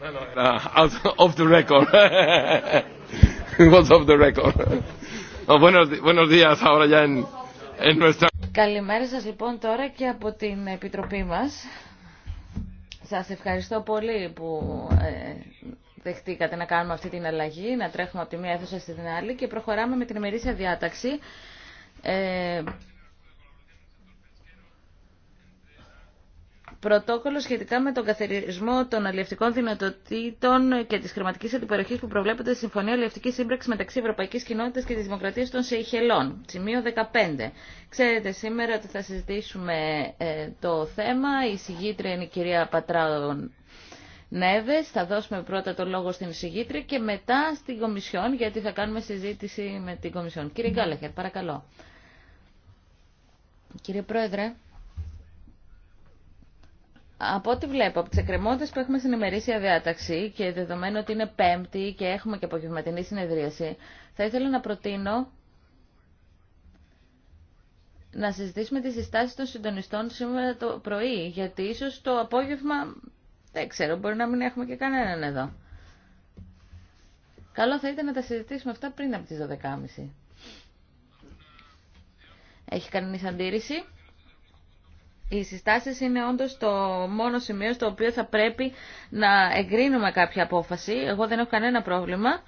the record. off the record. buenos días, ahora ya en, en nuestra... Καλημέρα σας λοιπόν τώρα και από την Επιτροπή μας. Σας ευχαριστώ πολύ που ε, δεχτήκατε να κάνουμε αυτή την αλλαγή, να τρέχουμε από τη μία αίθουσα στην άλλη και προχωράμε με την ημερήσια διάταξη. Ε, πρωτόκολλο σχετικά με τον καθαρισμό των αλληλευτικών δυνατοτήτων και τη χρηματική αντιπεροχή που προβλέπεται στη Συμφωνία Αλληλευτική Σύμπραξη μεταξύ Ευρωπαϊκή Κοινότητα και τη Δημοκρατία των Σεϊχελών. Σημείο 15. Ξέρετε σήμερα ότι θα συζητήσουμε ε, το θέμα. Η συγγήτρια είναι η κυρία Πατράων Νέβε. Θα δώσουμε πρώτα το λόγο στην συγγήτρια και μετά στην Κομισιόν, γιατί θα κάνουμε συζήτηση με την Κομισιόν. Κύριε Γκάλεχερ, παρακαλώ. Κύριε Πρόεδρε. Από ό,τι βλέπω, από τι εκκρεμότητε που έχουμε στην ημερήσια διάταξη και δεδομένου ότι είναι Πέμπτη και έχουμε και απογευματινή συνεδρίαση, θα ήθελα να προτείνω να συζητήσουμε τις συστάσει των συντονιστών σήμερα το πρωί, γιατί ίσω το απόγευμα δεν ξέρω, μπορεί να μην έχουμε και κανέναν εδώ. Καλό θα ήταν να τα συζητήσουμε αυτά πριν από τι 12.30. Έχει κανεί αντίρρηση. Οι συστάσει είναι όντω το μόνο σημείο στο οποίο θα πρέπει να εγκρίνουμε κάποια απόφαση. Εγώ δεν έχω κανένα πρόβλημα.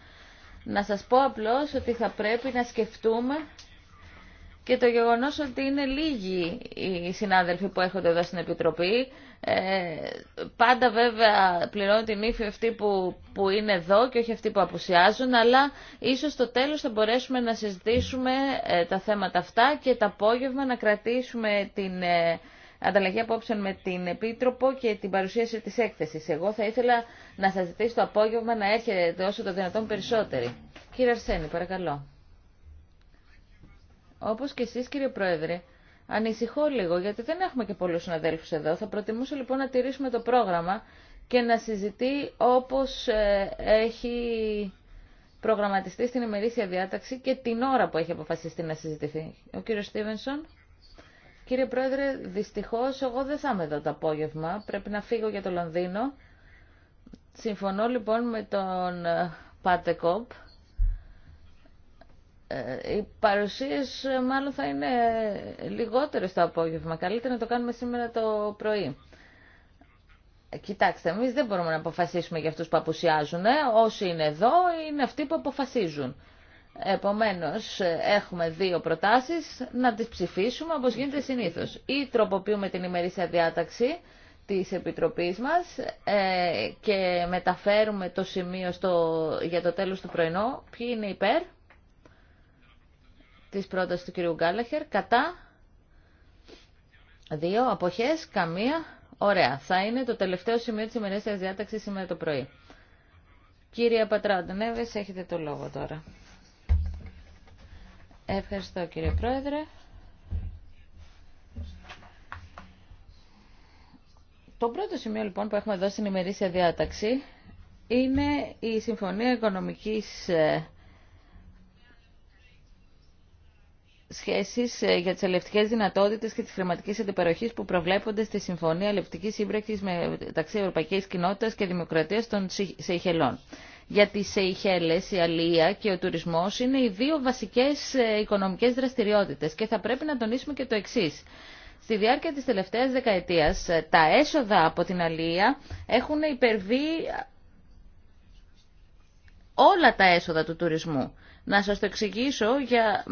Να σας πω απλώς ότι θα πρέπει να σκεφτούμε και το γεγονός ότι είναι λίγοι οι συνάδελφοι που έρχονται εδώ στην Επιτροπή. Ε, πάντα βέβαια πληρώνω την ύφη αυτοί που, που είναι εδώ και όχι αυτοί που απουσιάζουν, αλλά ίσως στο τέλος θα μπορέσουμε να συζητήσουμε ε, τα θέματα αυτά και το απόγευμα να κρατήσουμε την... Ε, ανταλλαγή απόψεων με την Επίτροπο και την παρουσίαση της έκθεσης. Εγώ θα ήθελα να σας ζητήσω το απόγευμα να έρχεται όσο το δυνατόν περισσότεροι. Κύριε Αρσένη, παρακαλώ. Όπως και εσείς κύριε Πρόεδρε, ανησυχώ λίγο γιατί δεν έχουμε και πολλούς συναδέλφους εδώ. Θα προτιμούσα λοιπόν να τηρήσουμε το πρόγραμμα και να συζητεί όπως ε, έχει προγραμματιστεί στην ημερήσια διάταξη και την ώρα που έχει αποφασιστεί να συζητηθεί. Ο κύριος Στίβενσον. Κύριε Πρόεδρε, δυστυχώς εγώ δεν θα είμαι εδώ το απόγευμα. Πρέπει να φύγω για το Λονδίνο. Συμφωνώ λοιπόν με τον ε, Πάτε Κόπ. Ε, οι παρουσίες ε, μάλλον θα είναι λιγότερες το απόγευμα. Καλύτερα να το κάνουμε σήμερα το πρωί. Κοιτάξτε, εμεί δεν μπορούμε να αποφασίσουμε για αυτούς που απουσιάζουν. Όσοι είναι εδώ είναι αυτοί που αποφασίζουν. Επομένως, έχουμε δύο προτάσεις να τις ψηφίσουμε όπως γίνεται συνήθως. Ή τροποποιούμε την ημερήσια διάταξη της Επιτροπής μας ε, και μεταφέρουμε το σημείο στο, για το τέλος του πρωινό. Ποιοι είναι υπέρ της πρότασης του κυρίου Γκάλαχερ. Κατά δύο αποχές, καμία. Ωραία. Θα είναι το τελευταίο σημείο της ημερήσιας διάταξης σήμερα το πρωί. Κύριε Πατράντα έχετε το λόγο τώρα. Ευχαριστώ κύριε Πρόεδρε. Το πρώτο σημείο λοιπόν που έχουμε δώσει στην ημερήσια διάταξη είναι η Συμφωνία Οικονομικής ε, Σχέσης ε, για τις ελευτικές δυνατότητες και τις χρηματικές αντιπεροχές που προβλέπονται στη Συμφωνία Ελευτικής Σύμπρακτης μεταξύ Ευρωπαϊκής Κοινότητας και Δημοκρατίας των ΣΥΧΕΛΟΝ για τις Σεϊχέλες, η Αλία και ο τουρισμός είναι οι δύο βασικές ε, οικονομικές δραστηριότητες και θα πρέπει να τονίσουμε και το εξής. Στη διάρκεια της τελευταίας δεκαετίας ε, τα έσοδα από την Αλία έχουν υπερβεί όλα τα έσοδα του τουρισμού. Να σας το εξηγήσω, για...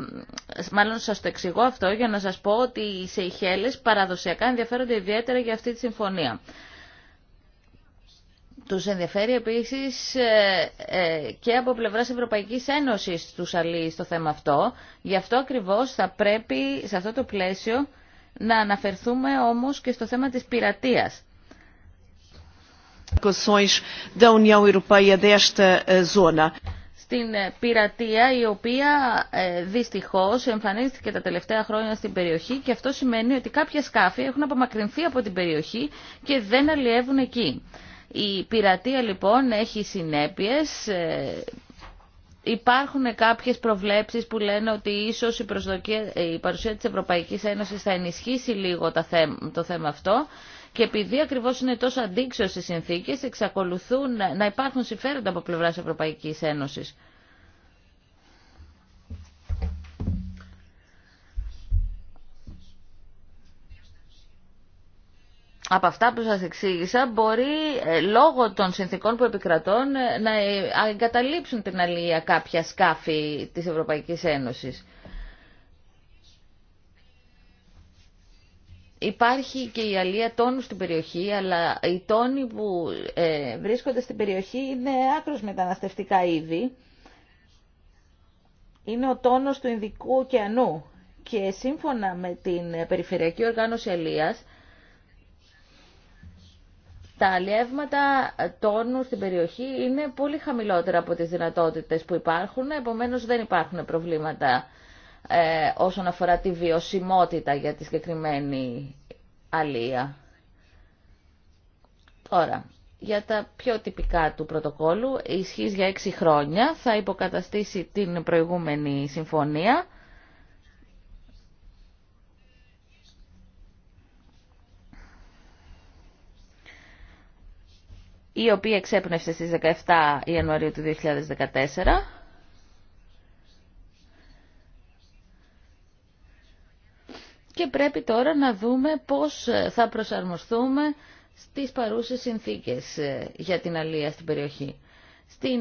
μάλλον σας το εξηγώ αυτό για να σας πω ότι οι Σεϊχέλες παραδοσιακά ενδιαφέρονται ιδιαίτερα για αυτή τη συμφωνία. Τους ενδιαφέρει επίσης ε, ε, και από πλευράς Ευρωπαϊκής Ένωσης τους αλλοί στο θέμα αυτό. Γι' αυτό ακριβώς θα πρέπει σε αυτό το πλαίσιο να αναφερθούμε όμως και στο θέμα της πειρατείας. Eh, στην ε, πειρατεία η οποία δυστυχώς εμφανίστηκε τα τελευταία χρόνια στην περιοχή και αυτό σημαίνει ότι κάποια σκάφη έχουν απομακρυνθεί από την περιοχή και δεν αλλιεύουν εκεί. Η πειρατεία λοιπόν έχει συνέπειες. Ε, υπάρχουν κάποιες προβλέψεις που λένε ότι ίσως η, ε, η παρουσία της Ευρωπαϊκής Ένωσης θα ενισχύσει λίγο το θέμα αυτό και επειδή ακριβώς είναι τόσο αντίξεως οι συνθήκες εξακολουθούν να υπάρχουν συμφέροντα από πλευράς Ευρωπαϊκής Ένωσης. από αυτά που σας εξήγησα μπορεί ε, λόγω των συνθήκων που επικρατών ε, να ε, εγκαταλείψουν την Αλία κάποια σκάφη της Ευρωπαϊκής Ένωσης. Υπάρχει και η αλία τόνου στην περιοχή, αλλά οι τόνοι που βρίσκονται στην περιοχή είναι άκρως μεταναστευτικά είδη. Είναι ο τόνος του Ινδικού ωκεανού και σύμφωνα με την Περιφερειακή Οργάνωση Αλίας, τα αλλιεύματα τόνου στην περιοχή είναι πολύ χαμηλότερα από τις δυνατότητες που υπάρχουν, επομένως δεν υπάρχουν προβλήματα ε, όσον αφορά τη βιωσιμότητα για τη συγκεκριμένη αλία. Τώρα, για τα πιο τυπικά του πρωτοκόλου, ισχύει για έξι χρόνια, θα υποκαταστήσει την προηγούμενη συμφωνία η οποία εξέπνευσε στις 17 Ιανουαρίου του 2014 και πρέπει τώρα να δούμε πώς θα προσαρμοστούμε στις παρούσες συνθήκες ε, για την αλία στην περιοχή. Στην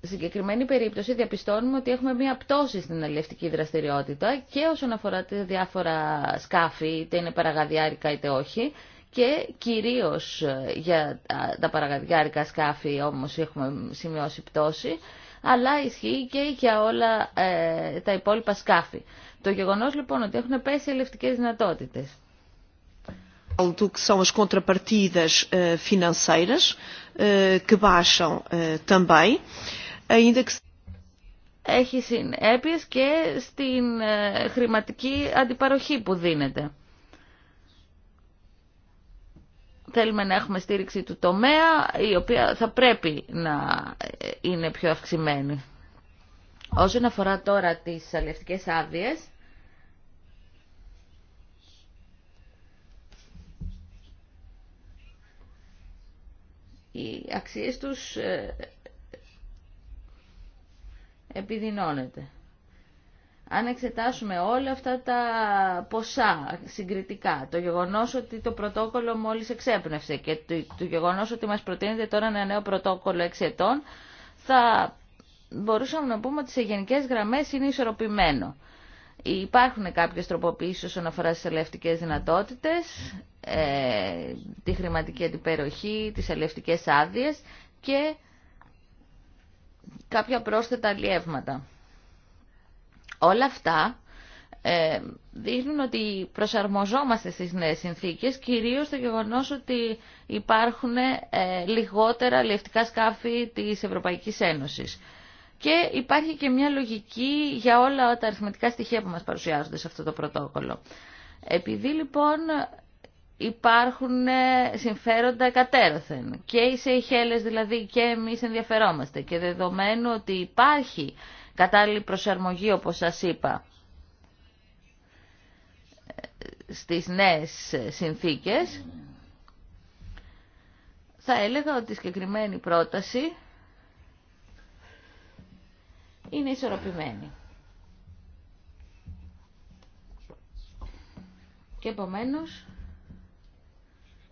συγκεκριμένη περίπτωση διαπιστώνουμε ότι έχουμε μία πτώση στην αλληλευτική δραστηριότητα και όσον αφορά τα διάφορα σκάφη, είτε είναι παραγαδιάρικα είτε όχι, και κυρίως ε, για τα παραγαδιάρικα σκάφη όμως έχουμε σημειώσει πτώση, αλλά ισχύει και για όλα ε, τα υπόλοιπα σκάφη. Το γεγονός λοιπόν ότι έχουν πέσει ελευτικές δυνατότητες. Do ε, έχει συνέπειες και στην χρηματική αντιπαροχή που δίνεται. Θέλουμε να έχουμε στήριξη του τομέα, η οποία θα πρέπει να είναι πιο αυξημένη. Όσον αφορά τώρα τις αλληλευτικές άδειες, οι αξίες τους ε, επιδεινώνεται αν εξετάσουμε όλα αυτά τα ποσά συγκριτικά, το γεγονός ότι το πρωτόκολλο μόλις εξέπνευσε και το, το γεγονός ότι μας προτείνεται τώρα ένα νέο πρωτόκολλο 6 ετών, θα μπορούσαμε να πούμε ότι σε γενικές γραμμές είναι ισορροπημένο. Υπάρχουν κάποιες τροποποιήσεις όσον αφορά στις ελευτικές δυνατότητες, ε, τη χρηματική αντιπεροχή, τις ελευτικές άδειες και κάποια πρόσθετα αλλιεύματα. Όλα αυτά ε, δείχνουν ότι προσαρμοζόμαστε στις νέες συνθήκες, κυρίως στο γεγονός ότι υπάρχουν ε, λιγότερα λευτικά σκάφη της Ευρωπαϊκής Ένωσης. Και υπάρχει και μια λογική για όλα τα αριθμητικά στοιχεία που μας παρουσιάζονται σε αυτό το πρωτόκολλο. Επειδή λοιπόν υπάρχουν ε, συμφέροντα κατέρωθεν και οι Σεϊχέλες δηλαδή και εμείς ενδιαφερόμαστε και δεδομένου ότι υπάρχει κατάλληλη προσαρμογή όπως σας είπα στις νέες συνθήκες, θα έλεγα ότι η συγκεκριμένη πρόταση είναι ισορροπημένη. Και επομένως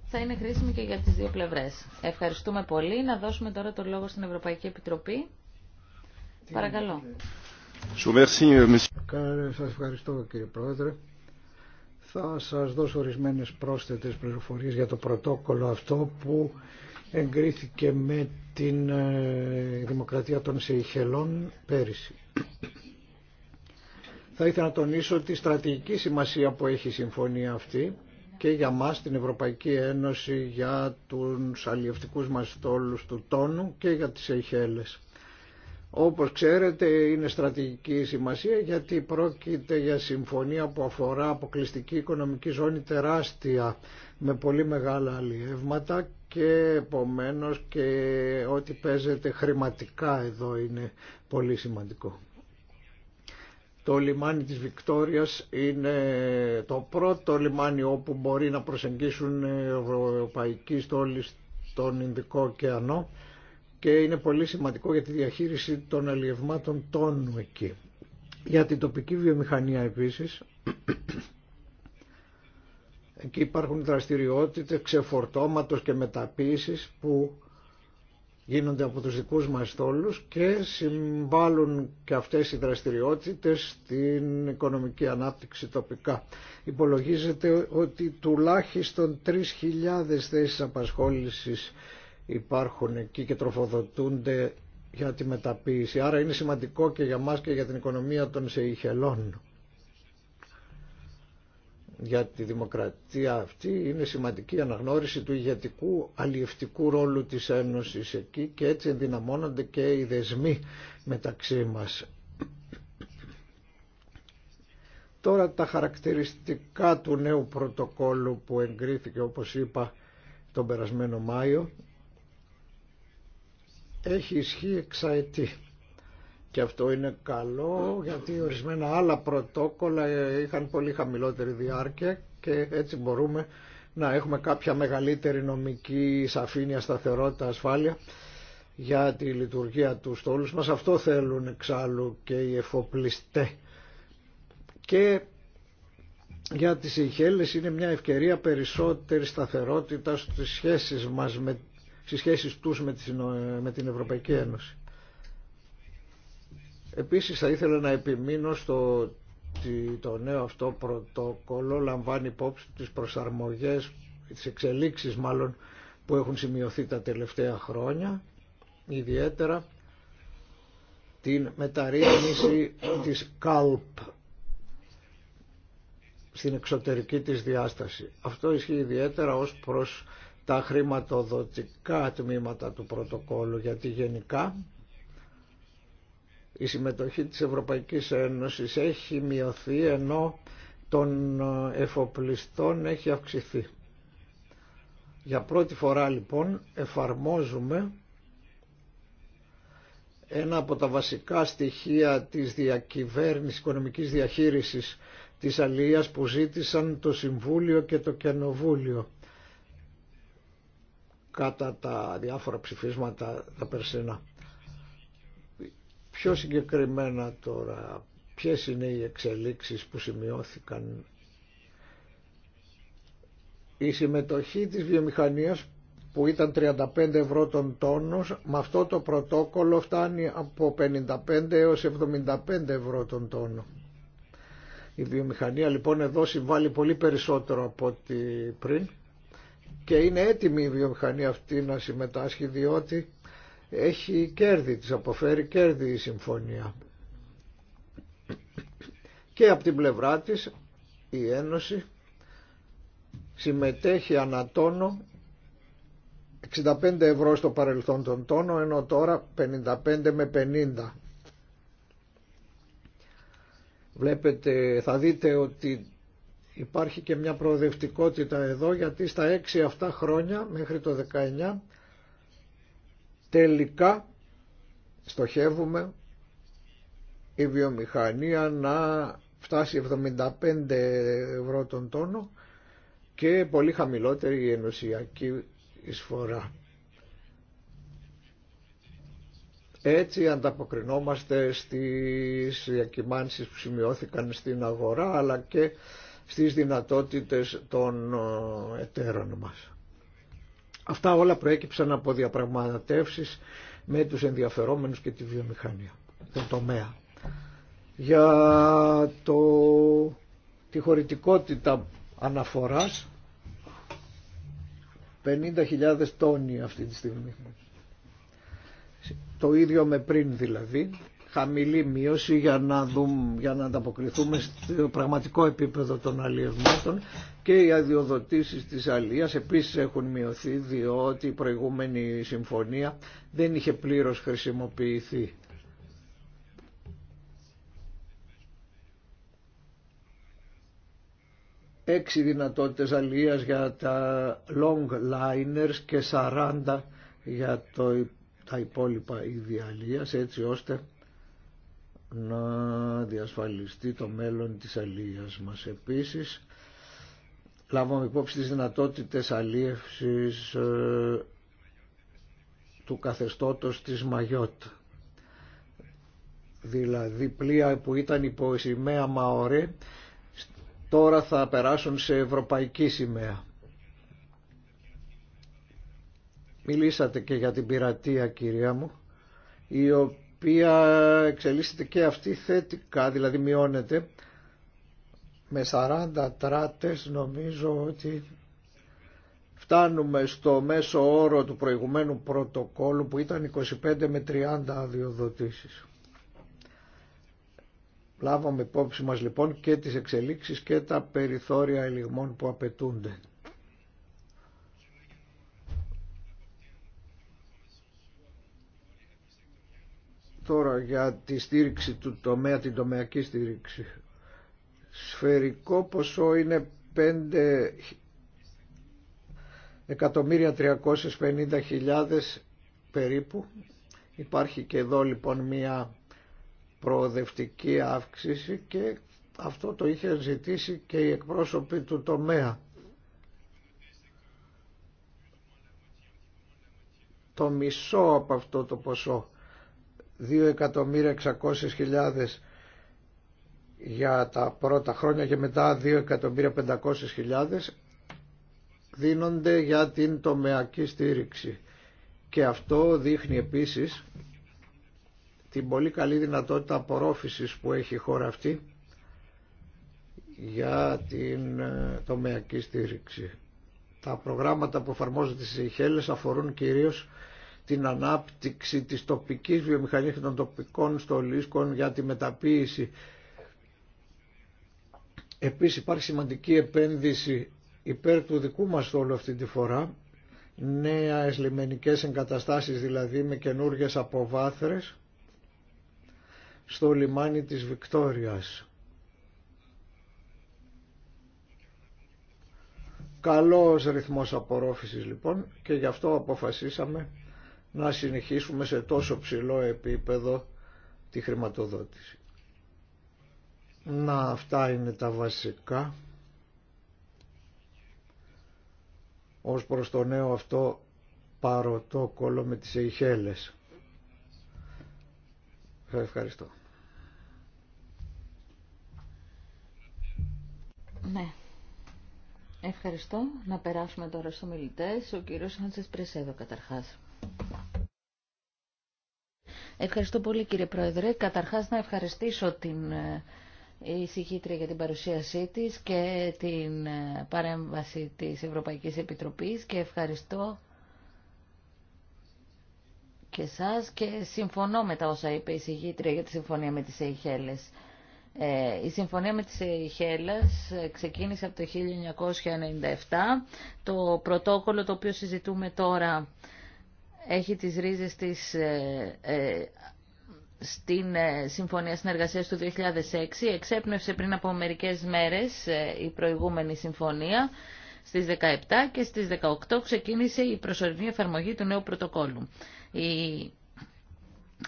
θα είναι χρήσιμη και για τις δύο πλευρές. Ευχαριστούμε πολύ. Να δώσουμε τώρα το λόγο στην Ευρωπαϊκή Επιτροπή. Παρακαλώ. Euh, Σα ευχαριστώ κύριε Πρόεδρε. Θα σας δώσω ορισμένε πρόσθετες πληροφορίες για το πρωτόκολλο αυτό που εγκρίθηκε με την ε, Δημοκρατία των Σεϊχελών πέρυσι. Θα ήθελα να τονίσω τη στρατηγική σημασία που έχει η συμφωνία αυτή και για μας την Ευρωπαϊκή Ένωση για τους αλλιευτικούς μας στόλους του τόνου και για τις Σεϊχέλες. Όπως ξέρετε είναι στρατηγική σημασία γιατί πρόκειται για συμφωνία που αφορά αποκλειστική οικονομική ζώνη τεράστια με πολύ μεγάλα αλλιεύματα και επομένως και ό,τι παίζεται χρηματικά εδώ είναι πολύ σημαντικό. Το λιμάνι της Βικτόριας είναι το πρώτο λιμάνι όπου μπορεί να προσεγγίσουν ευρωπαϊκοί στόλοι στον Ινδικό ωκεανό και είναι πολύ σημαντικό για τη διαχείριση των αλλιευμάτων τόνου εκεί. Για την τοπική βιομηχανία επίσης, εκεί υπάρχουν δραστηριότητες ξεφορτώματος και μεταποίησης που γίνονται από τους δικούς μας τόλους και συμβάλλουν και αυτές οι δραστηριότητες στην οικονομική ανάπτυξη τοπικά. Υπολογίζεται ότι τουλάχιστον 3.000 θέσεις απασχόλησης υπάρχουν εκεί και τροφοδοτούνται για τη μεταποίηση. Άρα είναι σημαντικό και για μας και για την οικονομία των Σεϊχελών. Για τη δημοκρατία αυτή είναι σημαντική η αναγνώριση του ηγετικού αλλιευτικού ρόλου της Ένωσης εκεί και έτσι ενδυναμώνονται και οι δεσμοί μεταξύ μας. Τώρα τα χαρακτηριστικά του νέου πρωτοκόλλου που εγκρίθηκε όπως είπα τον περασμένο Μάιο έχει ισχύ εξαετή. Και αυτό είναι καλό γιατί ορισμένα άλλα πρωτόκολλα είχαν πολύ χαμηλότερη διάρκεια και έτσι μπορούμε να έχουμε κάποια μεγαλύτερη νομική σαφήνεια, σταθερότητα, ασφάλεια για τη λειτουργία του στόλους μας. Αυτό θέλουν εξάλλου και οι εφοπλιστέ. Και για τις Ιχέλες είναι μια ευκαιρία περισσότερη σταθερότητα στις σχέσεις μας με στις σχέσεις τους με την Ευρωπαϊκή Ένωση. Επίσης θα ήθελα να επιμείνω στο ότι το νέο αυτό πρωτόκολλο λαμβάνει υπόψη τις προσαρμογές, τις εξελίξεις μάλλον που έχουν σημειωθεί τα τελευταία χρόνια, ιδιαίτερα την μεταρρύθμιση της ΚΑΛΠ στην εξωτερική της διάσταση. Αυτό ισχύει ιδιαίτερα ως προς τα χρηματοδοτικά τμήματα του πρωτοκόλλου γιατί γενικά η συμμετοχή της Ευρωπαϊκής Ένωσης έχει μειωθεί ενώ των εφοπλιστών έχει αυξηθεί. Για πρώτη φορά λοιπόν εφαρμόζουμε ένα από τα βασικά στοιχεία της διακυβέρνησης, οικονομικής διαχείρισης της Αλίας που ζήτησαν το Συμβούλιο και το Κενοβούλιο κατά τα διάφορα ψηφίσματα τα περσινά. Πιο συγκεκριμένα τώρα, ποιες είναι οι εξελίξεις που σημειώθηκαν η συμμετοχή της βιομηχανίας που ήταν 35 ευρώ τον τόνο, με αυτό το πρωτόκολλο φτάνει από 55 έως 75 ευρώ τον τόνο. Η βιομηχανία λοιπόν εδώ συμβάλλει πολύ περισσότερο από ό,τι πριν και είναι έτοιμη η βιομηχανία αυτή να συμμετάσχει διότι έχει κέρδη, της αποφέρει κέρδη η συμφωνία. Και από την πλευρά της η Ένωση συμμετέχει ανατόνο 65 ευρώ στο παρελθόν τον τόνο ενώ τώρα 55 με 50. Βλέπετε, θα δείτε ότι Υπάρχει και μια προοδευτικότητα εδώ γιατί στα έξι αυτά χρόνια μέχρι το 19 τελικά στοχεύουμε η βιομηχανία να φτάσει 75 ευρώ τον τόνο και πολύ χαμηλότερη η ενωσιακή εισφορά. Έτσι ανταποκρινόμαστε στις διακυμάνσεις που σημειώθηκαν στην αγορά αλλά και στις δυνατότητες των ε, εταίρων μας. Αυτά όλα προέκυψαν από διαπραγματεύσεις με τους ενδιαφερόμενους και τη βιομηχανία, τον τομέα. Για το, τη χωρητικότητα αναφοράς 50.000 τόνοι αυτή τη στιγμή. Το ίδιο με πριν δηλαδή χαμηλή μείωση για να, δούμε, για να ανταποκριθούμε στο πραγματικό επίπεδο των αλλιευμάτων και οι αδειοδοτήσεις της αλλίας επίσης έχουν μειωθεί διότι η προηγούμενη συμφωνία δεν είχε πλήρως χρησιμοποιηθεί. Έξι δυνατότητες αλλίας για τα long liners και 40 για το, τα υπόλοιπα ίδια έτσι ώστε να διασφαλιστεί το μέλλον της αλίας μας. Επίσης, λάβαμε υπόψη τις δυνατότητες αλίευσης ε, του καθεστώτος της Μαγιότ. Δηλαδή πλοία που ήταν υπό σημαία Μαωρέ, τώρα θα περάσουν σε ευρωπαϊκή σημαία. Μιλήσατε και για την πειρατεία κυρία μου, η οποία οποία εξελίσσεται και αυτή θετικά, δηλαδή μειώνεται. Με 40 τράτες νομίζω ότι φτάνουμε στο μέσο όρο του προηγουμένου πρωτοκόλου που ήταν 25 με 30 αδειοδοτήσεις. Λάβαμε υπόψη μας λοιπόν και τις εξελίξεις και τα περιθώρια ελιγμών που απαιτούνται. Τώρα για τη στήριξη του τομέα, την τομεακή στήριξη. Σφαιρικό ποσό είναι 5.350.000 περίπου. Υπάρχει και εδώ λοιπόν μια προοδευτική αύξηση και αυτό το είχε ζητήσει και οι εκπρόσωποι του τομέα. Το μισό από αυτό το ποσό 2.600.000 για τα πρώτα χρόνια και μετά 2.500.000 δίνονται για την τομεακή στήριξη. Και αυτό δείχνει επίσης την πολύ καλή δυνατότητα απορρόφησης που έχει η χώρα αυτή για την ε, τομεακή στήριξη. Τα προγράμματα που εφαρμόζονται στις Ιχέλες αφορούν κυρίως την ανάπτυξη της τοπικής βιομηχανίας και των τοπικών στολίσκων για τη μεταποίηση. Επίσης υπάρχει σημαντική επένδυση υπέρ του δικού μας στόλου αυτή τη φορά, νέες λιμενικές εγκαταστάσεις δηλαδή με καινούργιες αποβάθρες στο λιμάνι της Βικτόριας. Καλός ρυθμός απορρόφησης λοιπόν και γι' αυτό αποφασίσαμε να συνεχίσουμε σε τόσο ψηλό επίπεδο τη χρηματοδότηση. Να αυτά είναι τα βασικά ως προς το νέο αυτό παροτόκολλο με τις Ειχέλες. Ευχαριστώ. Ναι. Ευχαριστώ. Να περάσουμε τώρα στους ομιλητές. Ο κύριος Άντσες Πρεσέδο καταρχάς. Ευχαριστώ πολύ κύριε Πρόεδρε. Καταρχάς να ευχαριστήσω την ε, εισηγήτρια για την παρουσίασή της και την ε, παρέμβαση της Ευρωπαϊκής Επιτροπής και ευχαριστώ και σας και συμφωνώ με τα όσα είπε η εισηγήτρια για τη συμφωνία με τις Ειχέλες. Ε, η συμφωνία με τις Ειχέλες ξεκίνησε από το 1997. Το πρωτόκολλο το οποίο συζητούμε τώρα έχει τις ρίζες της ε, ε, στην ε, Συμφωνία Συνεργασίας του 2006. Εξέπνευσε πριν από μερικές μέρες η προηγούμενη συμφωνία στις 17 και στις 18 ξεκίνησε η προσωρινή εφαρμογή του νέου πρωτοκόλλου. Η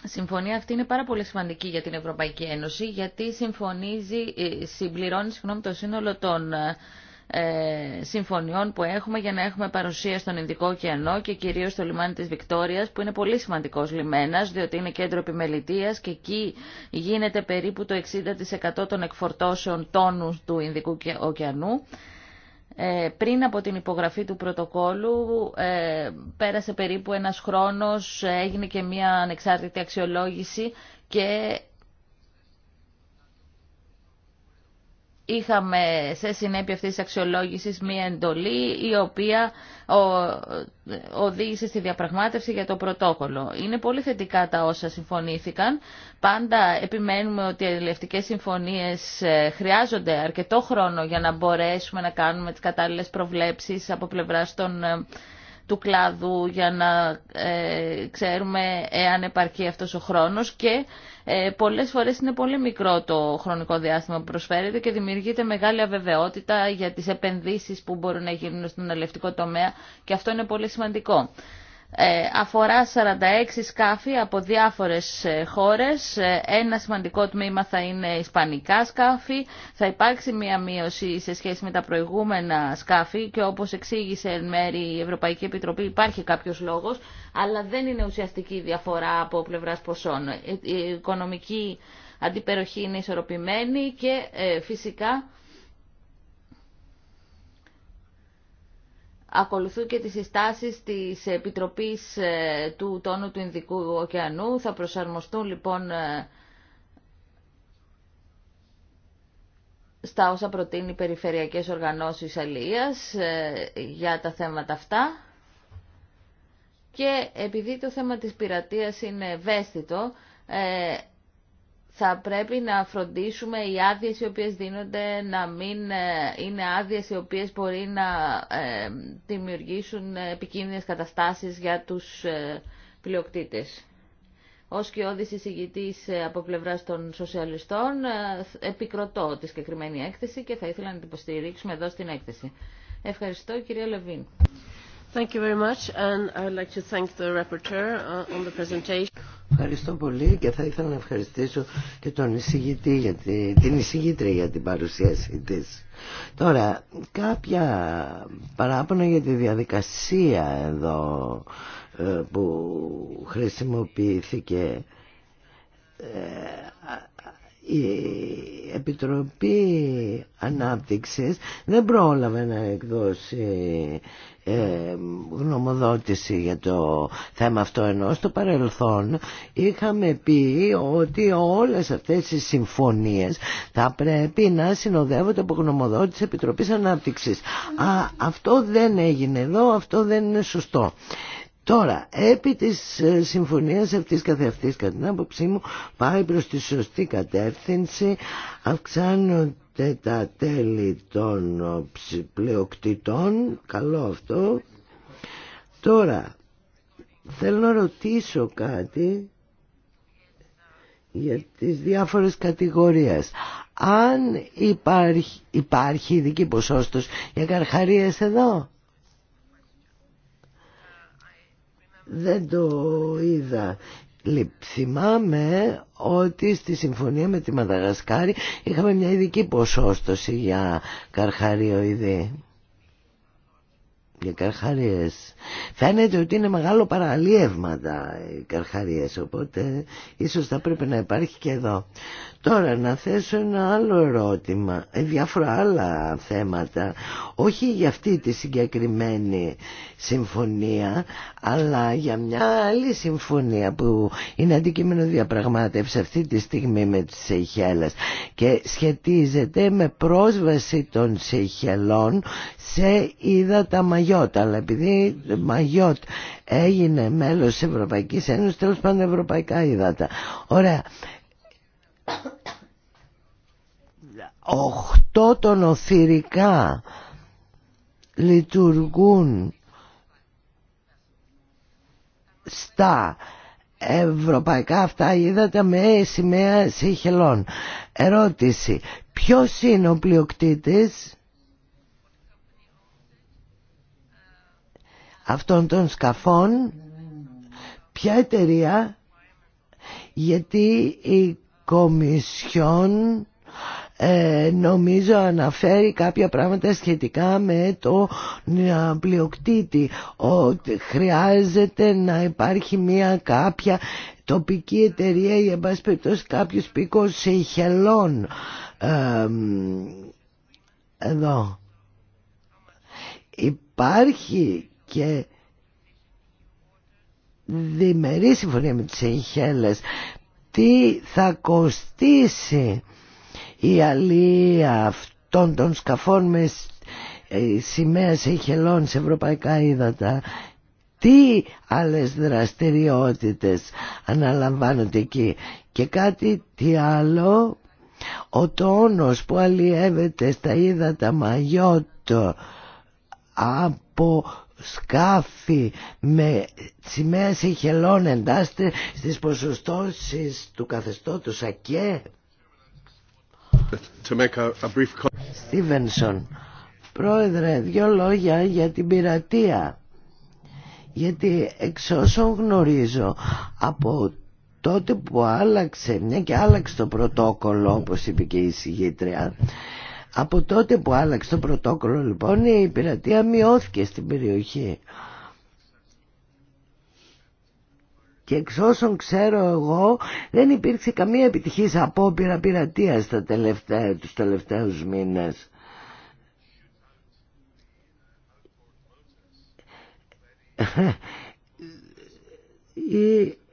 συμφωνία αυτή είναι πάρα πολύ σημαντική για την Ευρωπαϊκή Ένωση γιατί συμφωνίζει, συμπληρώνει συγγνώμη, το σύνολο των ε, συμφωνιών που έχουμε για να έχουμε παρουσία στον Ινδικό ωκεανό και κυρίως στο λιμάνι της Βικτόριας που είναι πολύ σημαντικός λιμένας διότι είναι κέντρο επιμελητίας και εκεί γίνεται περίπου το 60% των εκφορτώσεων τόνου του Ινδικού ωκεανού. Ε, πριν από την υπογραφή του πρωτοκόλου ε, πέρασε περίπου ένας χρόνος, έγινε και μία ανεξάρτητη αξιολόγηση και είχαμε σε συνέπεια αυτής της αξιολόγησης μία εντολή η οποία οδήγησε στη διαπραγμάτευση για το πρωτόκολλο. Είναι πολύ θετικά τα όσα συμφωνήθηκαν. Πάντα επιμένουμε ότι οι ελευτικές συμφωνίες ε, χρειάζονται αρκετό χρόνο για να μπορέσουμε να κάνουμε τις κατάλληλες προβλέψεις από πλευράς των ε, του κλάδου για να ε, ξέρουμε εάν επαρκεί αυτός ο χρόνος και ε, πολλές φορές είναι πολύ μικρό το χρονικό διάστημα που προσφέρεται και δημιουργείται μεγάλη αβεβαιότητα για τις επενδύσεις που μπορούν να γίνουν στον ελευτικό τομέα και αυτό είναι πολύ σημαντικό. Ε, αφορά 46 σκάφη από διάφορες ε, χώρες. Ε, ένα σημαντικό τμήμα θα είναι ισπανικά σκάφη. Θα υπάρξει μία μείωση σε σχέση με τα προηγούμενα σκάφη και όπως εξήγησε εν μέρη η Ευρωπαϊκή Επιτροπή υπάρχει κάποιος λόγος, αλλά δεν είναι ουσιαστική διαφορά από πλευράς ποσών. Η οικονομική αντιπεροχή είναι ισορροπημένη και φυσικά ακολουθούν και τις συστάσεις της Επιτροπής ε, του Τόνου του Ινδικού Ωκεανού. Θα προσαρμοστούν λοιπόν ε, στα όσα προτείνει οι Περιφερειακές Οργανώσεις Αλίας ε, για τα θέματα αυτά. Και επειδή το θέμα της πειρατείας είναι ευαίσθητο, θα πρέπει να φροντίσουμε οι άδειε οι οποίες δίνονται να μην ε, είναι άδειε οι οποίες μπορεί να ε, δημιουργήσουν επικίνδυνες καταστάσεις για τους ε, πλειοκτήτες. Ως και όδης από πλευρά των σοσιαλιστών επικροτώ τη συγκεκριμένη έκθεση και θα ήθελα να την υποστηρίξουμε εδώ στην έκθεση. Ευχαριστώ κυρία Λεβίν. Ευχαριστώ πολύ και θα ήθελα να ευχαριστήσω και τον εισηγητή για την, την εισηγήτρια για την παρουσίαση της. Τώρα, κάποια παράπονα για τη διαδικασία εδώ ε, που χρησιμοποιήθηκε ε, η Επιτροπή Ανάπτυξης δεν πρόλαβε να εκδώσει ε, γνωμοδότηση για το θέμα αυτό ενώ στο παρελθόν είχαμε πει ότι όλες αυτές οι συμφωνίες θα πρέπει να συνοδεύονται από γνωμοδότηση Επιτροπής Ανάπτυξης. Α, αυτό δεν έγινε εδώ, αυτό δεν είναι σωστό. Τώρα, επί της ε, συμφωνίας αυτής καθεαυτής κατά την άποψή μου πάει προς τη σωστή κατεύθυνση, αυξάνονται τα τέλη των πλεοκτητών, καλό αυτό. Τώρα, θέλω να ρωτήσω κάτι για τις διάφορες κατηγορίες. Αν υπάρχει, υπάρχει ειδική ποσόστος για καρχαρίες εδώ δεν το είδα. Θυμάμαι ότι στη συμφωνία με τη Μαδαγασκάρη είχαμε μια ειδική ποσόστοση για καρχαριοειδή για καρχαρίες. Φαίνεται ότι είναι μεγάλο παραλίευμα τα καρχαρίες, οπότε ίσως θα πρέπει να υπάρχει και εδώ. Τώρα να θέσω ένα άλλο ερώτημα, ε, διάφορα άλλα θέματα, όχι για αυτή τη συγκεκριμένη συμφωνία, αλλά για μια άλλη συμφωνία που είναι αντικείμενο διαπραγμάτευση αυτή τη στιγμή με τις Σεϊχέλες και σχετίζεται με πρόσβαση των Σεϊχελών σε τα μαγιά αλλά επειδή Μαγιότ έγινε μέλος της Ευρωπαϊκής Ένωσης, τέλος πάντων ευρωπαϊκά υδάτα. Ωραία. Οχτώ των οθυρικά λειτουργούν στα ευρωπαϊκά αυτά είδατε με σημαία σύγχελών. Ερώτηση, ποιος είναι ο πλειοκτήτης αυτών των σκαφών ποια εταιρεία γιατί η Κομισιόν ε, νομίζω αναφέρει κάποια πράγματα σχετικά με το ε, πλειοκτήτη ότι χρειάζεται να υπάρχει μια κάποια τοπική εταιρεία ή εν πάση περιπτώσει κάποιος πίκος ε, εδώ υπάρχει και διμερή συμφωνία με τις Σεϊχέλες τι θα κοστίσει η αλία αυτών των σκαφών με ε, σημαία Αιχελών σε ευρωπαϊκά ύδατα τι άλλες δραστηριότητες αναλαμβάνονται εκεί και κάτι τι άλλο ο τόνος που αλλιεύεται στα ύδατα Μαγιώτο από σκάφη με σε χελών εντάσσεται στις ποσοστώσεις του καθεστώτου ΑΚΕ. Στίβενσον, πρόεδρε, δύο λόγια για την πειρατεία. Γιατί εξ όσων γνωρίζω από τότε που άλλαξε, μια και άλλαξε το πρωτόκολλο όπως είπε και η συγγήτρια, από τότε που άλλαξε το πρωτόκολλο λοιπόν η πειρατεία μειώθηκε στην περιοχή. Και εξ όσων ξέρω εγώ δεν υπήρξε καμία επιτυχής απόπειρα πειρατεία στα τελευταία, τους τελευταίους μήνες.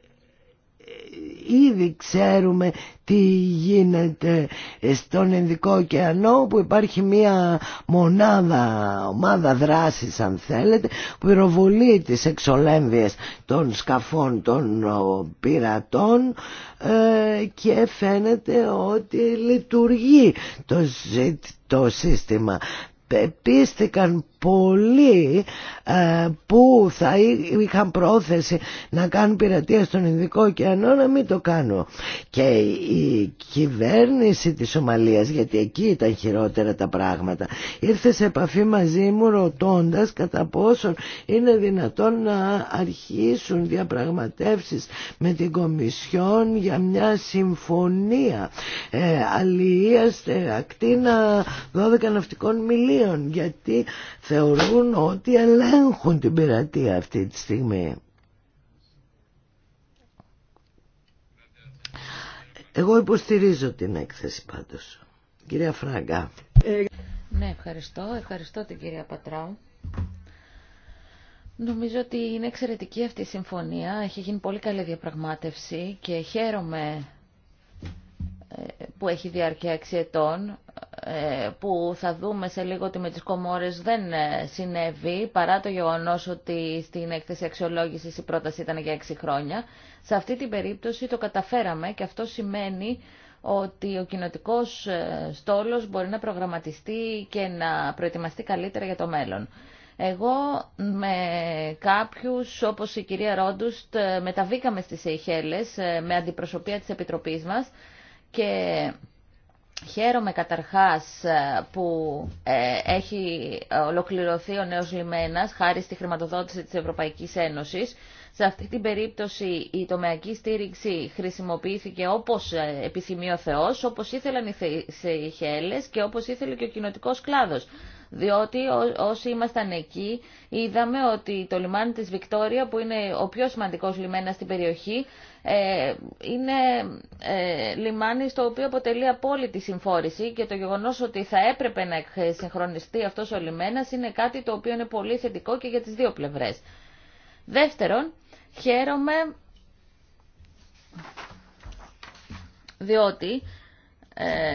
ήδη ξέρουμε τι γίνεται στον Ινδικό ωκεανό που υπάρχει μια μονάδα, ομάδα δράσης αν θέλετε που πυροβολεί τις εξολέμβειες των σκαφών των ε, πειρατών ε, και φαίνεται ότι λειτουργεί το, το σύστημα πίστηκαν πολλοί ε, που θα είχαν πρόθεση να κάνουν πειρατεία στον Ινδικό ωκεανό να μην το κάνουν. Και η κυβέρνηση της Σομαλίας, γιατί εκεί ήταν χειρότερα τα πράγματα, ήρθε σε επαφή μαζί μου ρωτώντα κατά πόσον είναι δυνατόν να αρχίσουν διαπραγματεύσεις με την Κομισιόν για μια συμφωνία ε, ε ακτίνα 12 ναυτικών μιλίων γιατί θεωρούν ότι ελέγχουν την πειρατεία αυτή τη στιγμή. Εγώ υποστηρίζω την έκθεση πάντως. Κυρία Φράγκα. Ναι, ευχαριστώ. Ευχαριστώ την κυρία Πατράου. Νομίζω ότι είναι εξαιρετική αυτή η συμφωνία. Έχει γίνει πολύ καλή διαπραγμάτευση και χαίρομαι που έχει διαρκεία 6 ετών, ε, που θα δούμε σε λίγο ότι με τις κομόρες δεν ε, συνέβη, παρά το γεγονός ότι στην έκθεση αξιολόγηση η πρόταση ήταν για 6 χρόνια. Σε αυτή την περίπτωση το καταφέραμε και αυτό σημαίνει ότι ο κοινοτικό ε, στόλος μπορεί να προγραμματιστεί και να προετοιμαστεί καλύτερα για το μέλλον. Εγώ με κάποιους, όπως η κυρία Ρόντουστ, μεταβήκαμε στις Σεϊχέλες με αντιπροσωπεία της Επιτροπής μας και Χαίρομαι καταρχάς ε, που ε, έχει ολοκληρωθεί ο νέος λιμένας χάρη στη χρηματοδότηση της Ευρωπαϊκής Ένωσης. Σε αυτή την περίπτωση η τομεακή στήριξη χρησιμοποιήθηκε όπως ε, επιθυμεί ο Θεός, όπως ήθελαν οι Σεϊχέλες και όπως ήθελε και ο κοινοτικό κλάδος διότι όσοι ήμασταν εκεί είδαμε ότι το λιμάνι της Βικτόρια που είναι ο πιο σημαντικός λιμένας στην περιοχή ε, είναι ε, λιμάνι στο οποίο αποτελεί απόλυτη συμφόρηση και το γεγονός ότι θα έπρεπε να συγχρονιστεί αυτός ο λιμένας είναι κάτι το οποίο είναι πολύ θετικό και για τις δύο πλευρές. Δεύτερον, χαίρομαι διότι ε,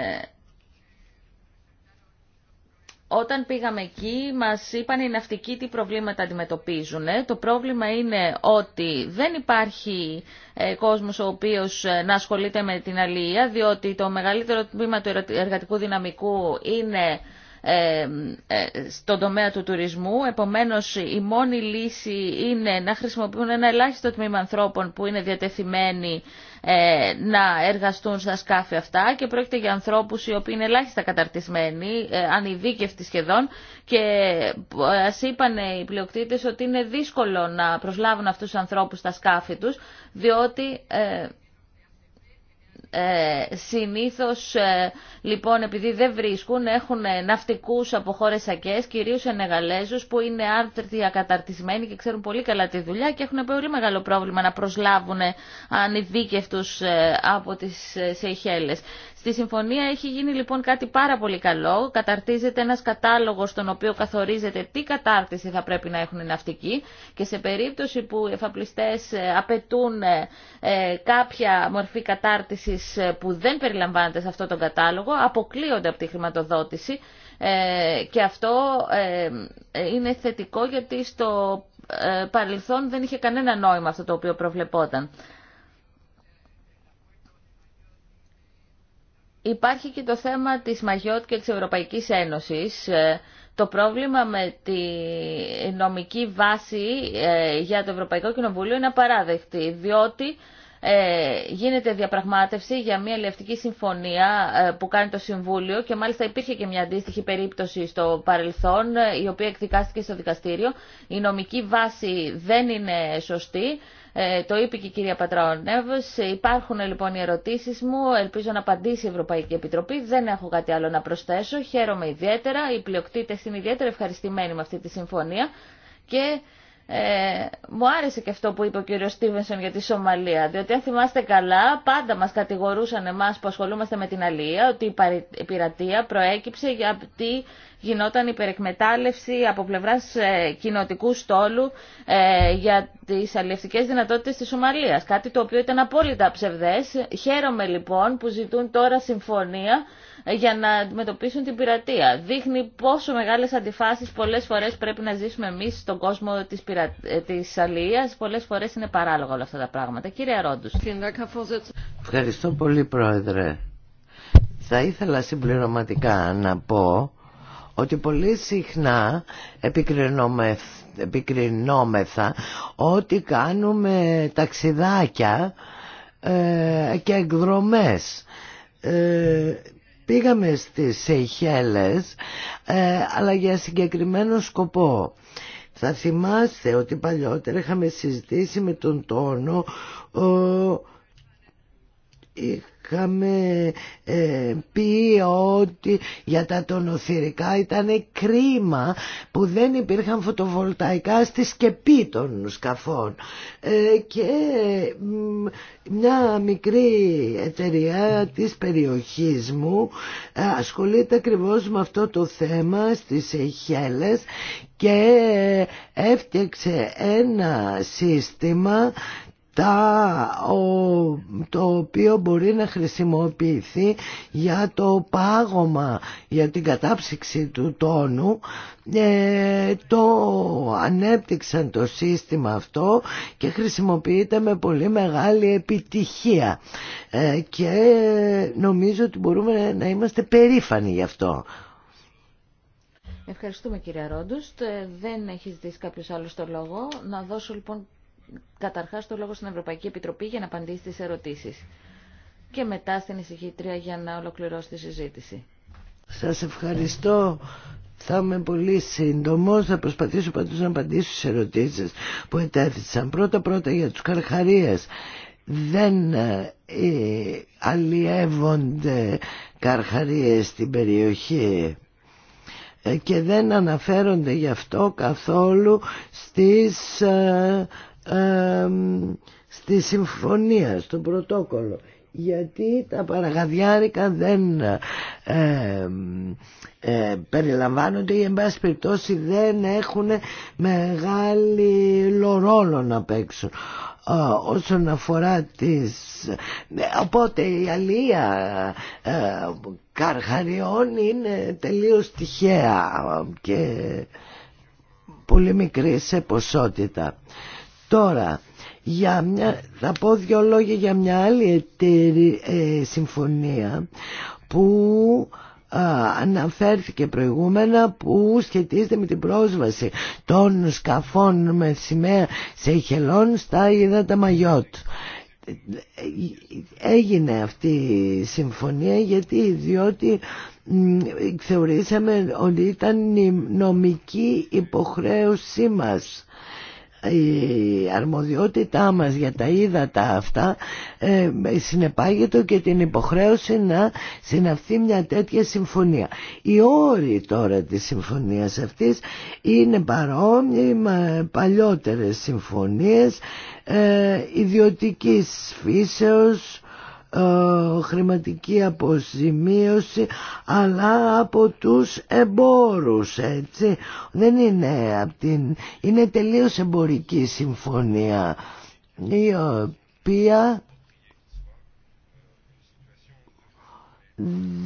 όταν πήγαμε εκεί μας είπαν οι ναυτικοί τι προβλήματα αντιμετωπίζουν. Το πρόβλημα είναι ότι δεν υπάρχει ε, κόσμος ο οποίος ε, να ασχολείται με την αλληλεία διότι το μεγαλύτερο τμήμα του εργατικού δυναμικού είναι ε, ε, στον τομέα του τουρισμού. Επομένως, η μόνη λύση είναι να χρησιμοποιούν ένα ελάχιστο τμήμα ανθρώπων που είναι διατεθειμένοι ε, να εργαστούν στα σκάφη αυτά και πρόκειται για ανθρώπους οι οποίοι είναι ελάχιστα καταρτισμένοι, ανειδίκευτοι σχεδόν και ας είπαν οι πλειοκτήτες ότι είναι δύσκολο να προσλάβουν αυτούς τους ανθρώπους στα σκάφη τους διότι ε, συνήθως, ε, λοιπόν, επειδή δεν βρίσκουν, έχουν ε, ναυτικούς από χώρες ακές, κυρίως ενεγαλέζους, που είναι άρθροι, ακαταρτισμένοι και ξέρουν πολύ καλά τη δουλειά και έχουν πολύ μεγάλο πρόβλημα να προσλάβουν ανειδίκευτους ε, από τις Σεϊχέλες. Στη συμφωνία έχει γίνει λοιπόν κάτι πάρα πολύ καλό. Καταρτίζεται ένας κατάλογος στον οποίο καθορίζεται τι κατάρτιση θα πρέπει να έχουν οι ναυτικοί και σε περίπτωση που οι εφαπλιστέ ε, απαιτούν ε, ε, κάποια μορφή κατάρτιση που δεν περιλαμβάνεται σε αυτό τον κατάλογο, αποκλείονται από τη χρηματοδότηση και αυτό είναι θετικό γιατί στο παρελθόν δεν είχε κανένα νόημα αυτό το οποίο προβλεπόταν. Υπάρχει και το θέμα της Μαγιώτ και της Ευρωπαϊκής Ένωσης. Ε, το πρόβλημα με τη νομική βάση ε, για το Ευρωπαϊκό Κοινοβούλιο είναι απαράδεκτη, διότι ε, γίνεται διαπραγμάτευση για μια ελευτική συμφωνία ε, που κάνει το Συμβούλιο και μάλιστα υπήρχε και μια αντίστοιχη περίπτωση στο παρελθόν ε, η οποία εκδικάστηκε στο δικαστήριο. Η νομική βάση δεν είναι σωστή. το είπε και η κυρία Πατραωνεύος. Υπάρχουν λοιπόν οι ερωτήσεις μου. Ελπίζω να απαντήσει η Ευρωπαϊκή Επιτροπή. Δεν έχω κάτι άλλο να προσθέσω. Χαίρομαι ιδιαίτερα. Οι πλειοκτήτες είναι ιδιαίτερα ευχαριστημένοι με αυτή τη συμφωνία. Και ε, μου άρεσε και αυτό που είπε ο κύριος Στίβενσον για τη Σομαλία, διότι αν θυμάστε καλά πάντα μας κατηγορούσαν εμά που ασχολούμαστε με την αλία ότι η πειρατεία προέκυψε γιατί γινόταν υπερεκμετάλλευση από πλευράς ε, κοινοτικού στόλου ε, για τις αλληλευτικέ δυνατότητες τη Σομαλία. κάτι το οποίο ήταν απόλυτα ψευδέ. Χαίρομαι λοιπόν που ζητούν τώρα συμφωνία για να αντιμετωπίσουν την πειρατεία. Δείχνει πόσο μεγάλες αντιφάσει πολλές φορές πρέπει να ζήσουμε εμεί στον κόσμο της, πειρα... της αλληλείας. Πολλές φορές είναι παράλογα όλα αυτά τα πράγματα. Κύριε Ρόντους. Ευχαριστώ πολύ Πρόεδρε. Θα ήθελα συμπληρωματικά να πω ότι πολύ συχνά επικρινόμεθα ότι κάνουμε ταξιδάκια ε, και εκδρομές. Ε, πήγαμε στις Σεϊχέλες ε, αλλά για συγκεκριμένο σκοπό. Θα θυμάστε ότι παλιότερα είχαμε συζητήσει με τον τόνο ο, είχαμε ε, πει ότι για τα τονοθυρικά ήταν κρίμα που δεν υπήρχαν φωτοβολταϊκά στη σκεπή των σκαφών ε, και μια μικρή εταιρεία της περιοχής μου ε, ασχολείται ακριβώς με αυτό το θέμα στις Αιχέλες και έφτιαξε ένα σύστημα το οποίο μπορεί να χρησιμοποιηθεί για το πάγωμα, για την κατάψυξη του τόνου ε, το ανέπτυξαν το σύστημα αυτό και χρησιμοποιείται με πολύ μεγάλη επιτυχία ε, και νομίζω ότι μπορούμε να είμαστε περήφανοι γι' αυτό. Ευχαριστούμε κύριε Ρόντουστ. Ε, δεν έχει δει κάποιο άλλο το λόγο. Να δώσω λοιπόν καταρχάς το λόγο στην Ευρωπαϊκή Επιτροπή για να απαντήσει στις ερωτήσεις και μετά στην εισηγήτρια για να ολοκληρώσει τη συζήτηση. Σας ευχαριστώ. Θα είμαι πολύ σύντομο. Θα προσπαθήσω πάντως να απαντήσω στις ερωτήσεις που ετέθησαν. Πρώτα-πρώτα για τους καρχαρίες. Δεν ε, ε αλλιεύονται καρχαρίες στην περιοχή ε, και δεν αναφέρονται γι' αυτό καθόλου στις ε, στη συμφωνία, στο πρωτόκολλο γιατί τα παραγαδιάρικα δεν ε, ε, περιλαμβάνονται ή εν πάση περιπτώσει δεν έχουν μεγάλο ρόλο να παίξουν ε, όσον αφορά τις ε, οπότε η αλία εχουν μεγάλη ρολο να παιξουν οσον αφορα τελείως τυχαία και πολύ μικρή σε ποσότητα Τώρα, για μια, θα πω δύο λόγια για μια άλλη εταιρή, ε, συμφωνία που αναφέρθηκε προηγούμενα που σχετίζεται με την πρόσβαση των σκαφών με σημαία σε χελών στα τα Μαγιότ. Έγινε αυτή η συμφωνία γιατί διότι θεωρήσαμε ότι ήταν η νομική υποχρέωσή μας η αρμοδιότητά μας για τα ύδατα αυτά ε, συνεπάγεται και την υποχρέωση να συναυθεί μια τέτοια συμφωνία. Οι όροι τώρα της συμφωνίας αυτής είναι παρόμοιοι με παλιότερες συμφωνίες ε, ιδιωτικής φύσεως ε, χρηματική αποζημίωση αλλά από τους εμπόρους έτσι δεν είναι από την... είναι τελείως εμπορική συμφωνία η οποία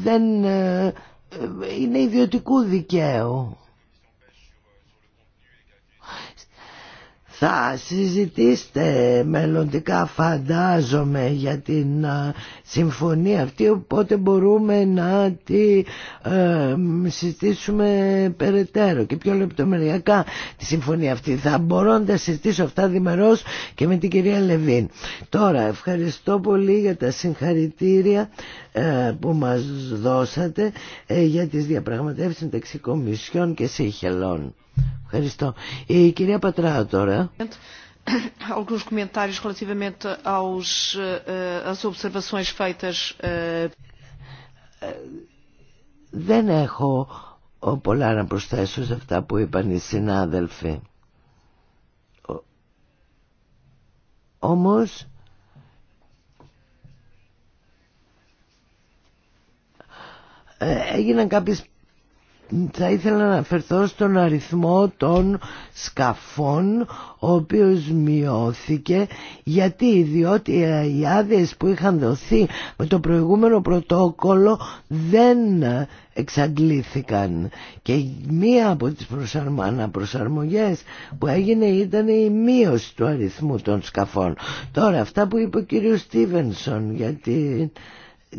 δεν ε, ε, είναι ιδιωτικού δικαίου Θα συζητήσετε μελλοντικά φαντάζομαι για την ε, συμφωνία αυτή οπότε μπορούμε να τη ε, συζητήσουμε περαιτέρω και πιο λεπτομεριακά τη συμφωνία αυτή. Θα μπορώ να τα συζητήσω αυτά διμερώς και με την κυρία Λεβίν. Τώρα ευχαριστώ πολύ για τα συγχαρητήρια ε, που μας δώσατε για τις διαπραγματεύσεις μεταξύ Κομισιών και Σύχελων. Ευχαριστώ. Η κυρία Πατρά τώρα. Alguns comentários relativamente aos, eh, às observações feitas. Eh, Δεν έχω ε, πολλά να προσθέσω σε αυτά που είπαν οι συνάδελφοι. Όμως ε, έγιναν κάποιες θα ήθελα να αναφερθώ στον αριθμό των σκαφών ο οποίος μειώθηκε γιατί διότι οι άδειε που είχαν δοθεί με το προηγούμενο πρωτόκολλο δεν εξαντλήθηκαν και μία από τις αναπροσαρμογές που έγινε ήταν η μείωση του αριθμού των σκαφών. Τώρα αυτά που είπε ο κύριος Στίβενσον γιατί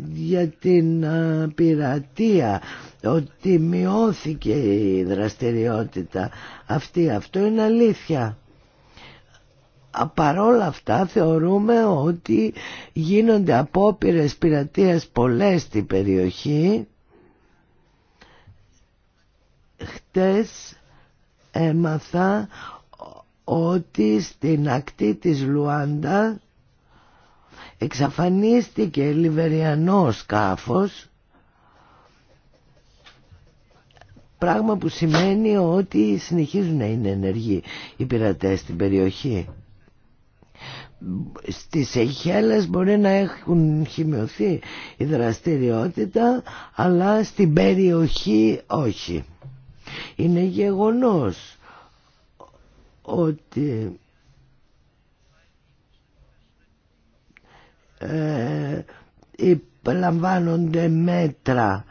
για την ε, πειρατεία ότι μειώθηκε η δραστηριότητα αυτή αυτό είναι αλήθεια παρόλα αυτά θεωρούμε ότι γίνονται απόπειρες πειρατείας πολλές στην περιοχή χτες έμαθα ότι στην ακτή της Λουάντα εξαφανίστηκε λιβεριανό σκάφος πράγμα που σημαίνει ότι συνεχίζουν να είναι ενεργοί οι πειρατές στην περιοχή στις Αιχέλες μπορεί να έχουν χημειωθεί η δραστηριότητα αλλά στην περιοχή όχι είναι γεγονός ότι ε, λαμβάνονται μέτρα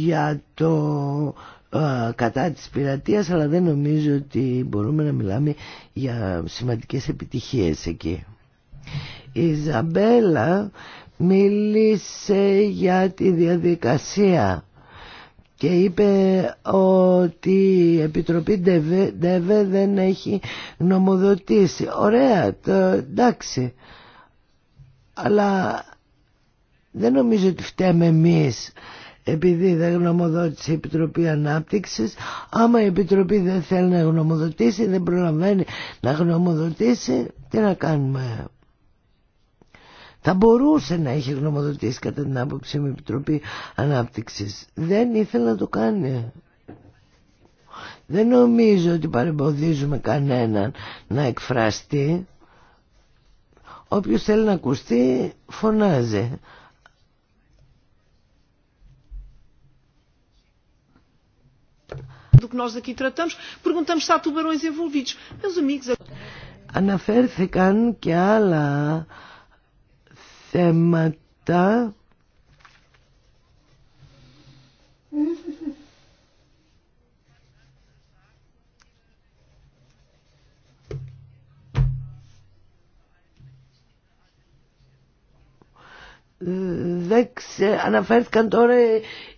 για το ε, κατά της πειρατείας αλλά δεν νομίζω ότι μπορούμε να μιλάμε για σημαντικές επιτυχίες εκεί. Η Ζαμπέλα μίλησε για τη διαδικασία και είπε ότι η Επιτροπή ΔΕΒΕ δεν έχει νομοδοτήσει. Ωραία, το, εντάξει αλλά δεν νομίζω ότι φταίμε εμείς επειδή δεν γνωμοδότησε η Επιτροπή Ανάπτυξης άμα η Επιτροπή δεν θέλει να γνωμοδοτήσει δεν προλαβαίνει να γνωμοδοτήσει τι να κάνουμε θα μπορούσε να έχει γνωμοδοτήσει κατά την άποψη μου η Επιτροπή Ανάπτυξης δεν ήθελε να το κάνει δεν νομίζω ότι παρεμποδίζουμε κανέναν να εκφραστεί Όποιος θέλει να ακουστεί φωνάζει. Αναφέρθηκαν και άλλα θέματα δεν αναφέρθηκαν τώρα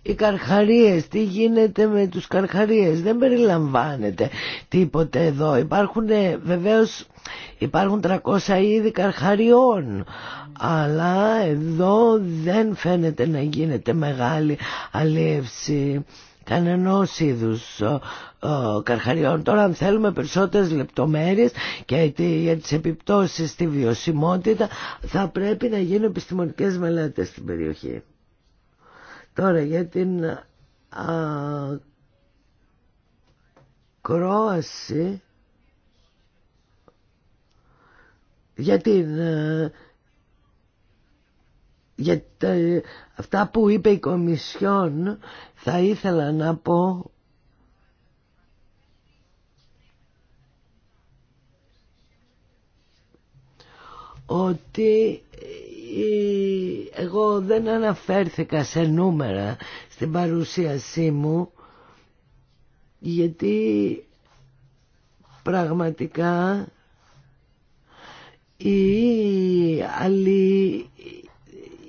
οι καρχαρίες τι γίνεται με τους καρχαρίες δεν περιλαμβάνεται τίποτε εδώ υπάρχουν ε, βεβαίως υπάρχουν 300 είδη καρχαριών αλλά εδώ δεν φαίνεται να γίνεται μεγάλη αλίευση κανενός είδους ε, καρχαριών. Τώρα αν θέλουμε περισσότερες λεπτομέρειες και για τις επιπτώσεις στη βιωσιμότητα θα πρέπει να γίνουν επιστημονικές μελέτες στην περιοχή. Τώρα για την κρόαση για την ε, για αυτά που είπε η Κομισιόν θα ήθελα να πω ότι εγώ δεν αναφέρθηκα σε νούμερα στην παρουσίασή μου γιατί πραγματικά η, αλλη...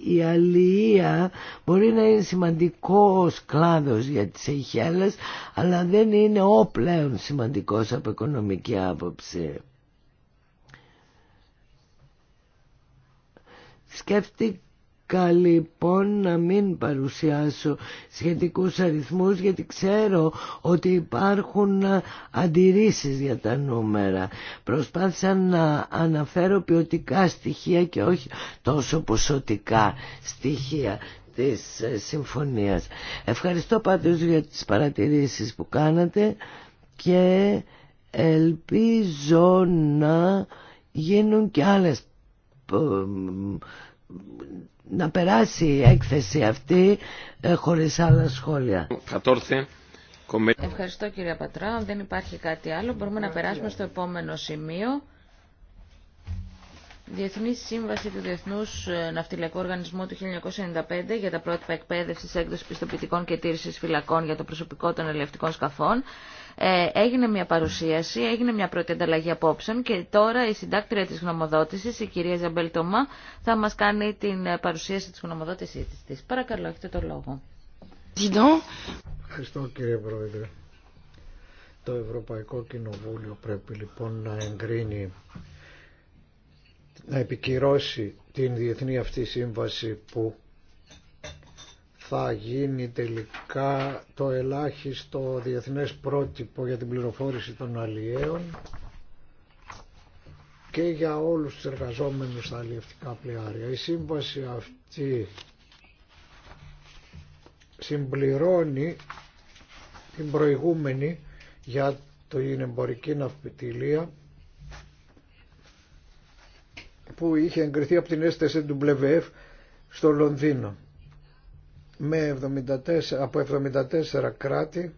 η αλληλεία μπορεί να είναι σημαντικός κλάδος για τις Αιχέλες αλλά δεν είναι ο πλέον σημαντικός από οικονομική άποψη. Σκέφτηκα λοιπόν να μην παρουσιάσω σχετικούς αριθμούς γιατί ξέρω ότι υπάρχουν αντιρρήσεις για τα νούμερα. Προσπάθησα να αναφέρω ποιοτικά στοιχεία και όχι τόσο ποσοτικά στοιχεία της συμφωνίας. Ευχαριστώ πάντως για τις παρατηρήσεις που κάνατε και ελπίζω να γίνουν και άλλες ε, να περάσει η έκθεση αυτή ε, χωρίς άλλα σχόλια. Ευχαριστώ κύριε Πατρά. Αν δεν υπάρχει κάτι άλλο μπορούμε να περάσουμε στο επόμενο σημείο. Διεθνή Σύμβαση του Διεθνού ε, Ναυτιλιακού Οργανισμού του 1995 για τα πρότυπα εκπαίδευση, έκδοση πιστοποιητικών και τήρηση φυλακών για το προσωπικό των ελευτικών σκαφών. Ε, έγινε μια παρουσίαση, έγινε μια πρώτη ανταλλαγή απόψεων και τώρα η συντάκτρια της γνωμοδότησης, η κυρία Ζαμπελτομά, θα μας κάνει την ε, παρουσίαση της γνωμοδότησής της. Παρακαλώ, έχετε το λόγο. Ευχαριστώ κύριε Πρόεδρε. Το Ευρωπαϊκό Κοινοβούλιο πρέπει λοιπόν να εγκρίνει, να επικυρώσει την διεθνή αυτή σύμβαση που θα γίνει τελικά το ελάχιστο διεθνές πρότυπο για την πληροφόρηση των αλλιέων και για όλους τους εργαζόμενους στα αλλιευτικά πλοιάρια. Η σύμβαση αυτή συμπληρώνει την προηγούμενη για την εμπορική ναυπητηλία που είχε εγκριθεί από την STSWF στο Λονδίνο με 74, από 74 κράτη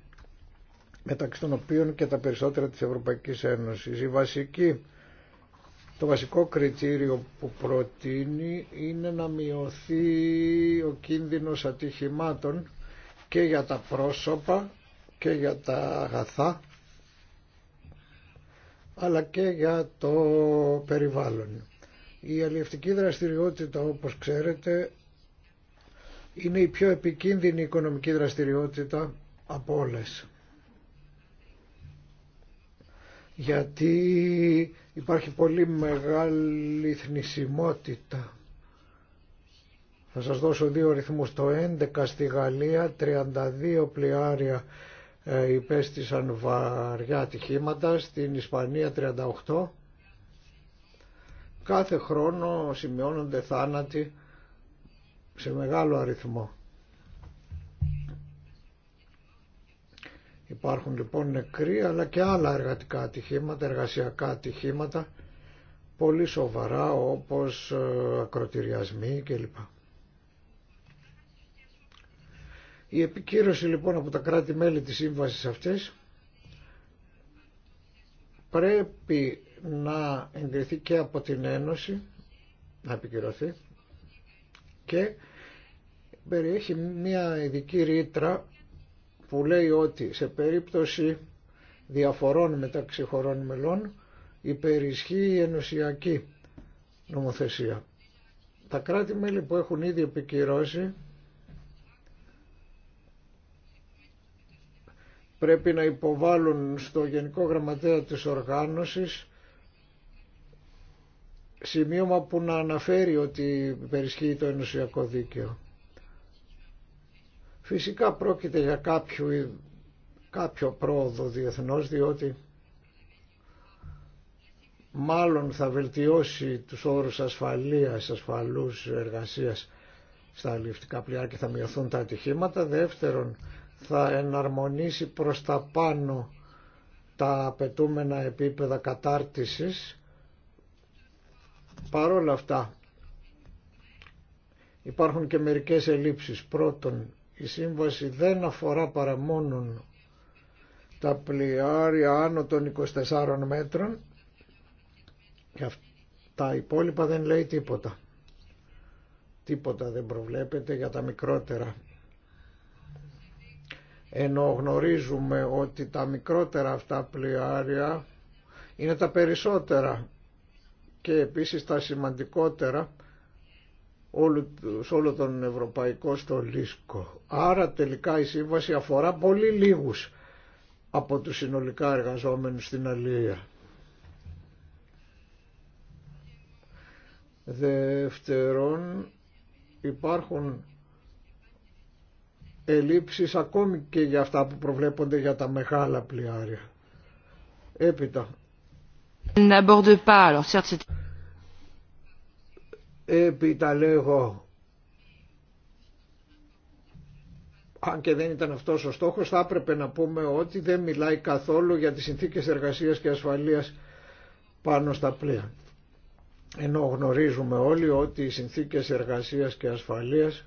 μεταξύ των οποίων και τα περισσότερα της Ευρωπαϊκής Ένωσης. Η βασική, το βασικό κριτήριο που προτείνει είναι να μειωθεί ο κίνδυνος ατυχημάτων και για τα πρόσωπα και για τα αγαθά αλλά και για το περιβάλλον. Η αλληλευτική δραστηριότητα όπως ξέρετε είναι η πιο επικίνδυνη οικονομική δραστηριότητα από όλες. Γιατί υπάρχει πολύ μεγάλη θνησιμότητα. Θα σας δώσω δύο ρυθμούς. Το 11 στη Γαλλία 32 πλοιάρια ε, υπέστησαν βαριά ατυχήματα, στην Ισπανία 38. Κάθε χρόνο σημειώνονται θάνατοι σε μεγάλο αριθμό. Υπάρχουν λοιπόν νεκροί αλλά και άλλα εργατικά ατυχήματα, εργασιακά ατυχήματα, πολύ σοβαρά όπως ε, ακροτηριασμοί κλπ. Η επικύρωση λοιπόν από τα κράτη-μέλη της σύμβασης αυτής πρέπει να εγκριθεί και από την Ένωση, να επικυρωθεί, και περιέχει μια ειδική ρήτρα που λέει ότι σε περίπτωση διαφορών μεταξύ χωρών μελών υπερισχύει η ενωσιακή νομοθεσία. Τα κράτη-μέλη που έχουν ήδη επικυρώσει πρέπει να υποβάλουν στο Γενικό Γραμματέα της Οργάνωσης σημείωμα που να αναφέρει ότι περισχύει το ενωσιακό δίκαιο. Φυσικά πρόκειται για κάποιο, κάποιο πρόοδο διεθνώς διότι μάλλον θα βελτιώσει τους όρους ασφαλείας, ασφαλούς εργασίας στα αλληλευτικά πλοία και θα μειωθούν τα ατυχήματα. Δεύτερον, θα εναρμονίσει προς τα πάνω τα απαιτούμενα επίπεδα κατάρτισης Παρόλα αυτά υπάρχουν και μερικές ελλείψεις. Πρώτον, η σύμβαση δεν αφορά παρά μόνον τα πλοιάρια άνω των 24 μέτρων και τα υπόλοιπα δεν λέει τίποτα. Τίποτα δεν προβλέπεται για τα μικρότερα. Ενώ γνωρίζουμε ότι τα μικρότερα αυτά πλοιάρια είναι τα περισσότερα και επίσης τα σημαντικότερα όλου, σε όλο τον ευρωπαϊκό στολίσκο. Άρα τελικά η σύμβαση αφορά πολύ λίγους από τους συνολικά εργαζόμενους στην Αλία. Δεύτερον, υπάρχουν ελλείψεις ακόμη και για αυτά που προβλέπονται για τα μεγάλα πλοιάρια. Έπειτα, Επιταλέγω, αν και δεν ήταν αυτός ο στόχος, θα έπρεπε να πούμε ότι δεν μιλάει καθόλου για τις συνθήκες εργασίας και ασφαλείας πάνω στα πλοία. Ενώ γνωρίζουμε όλοι ότι οι συνθήκες εργασίας και ασφαλείας,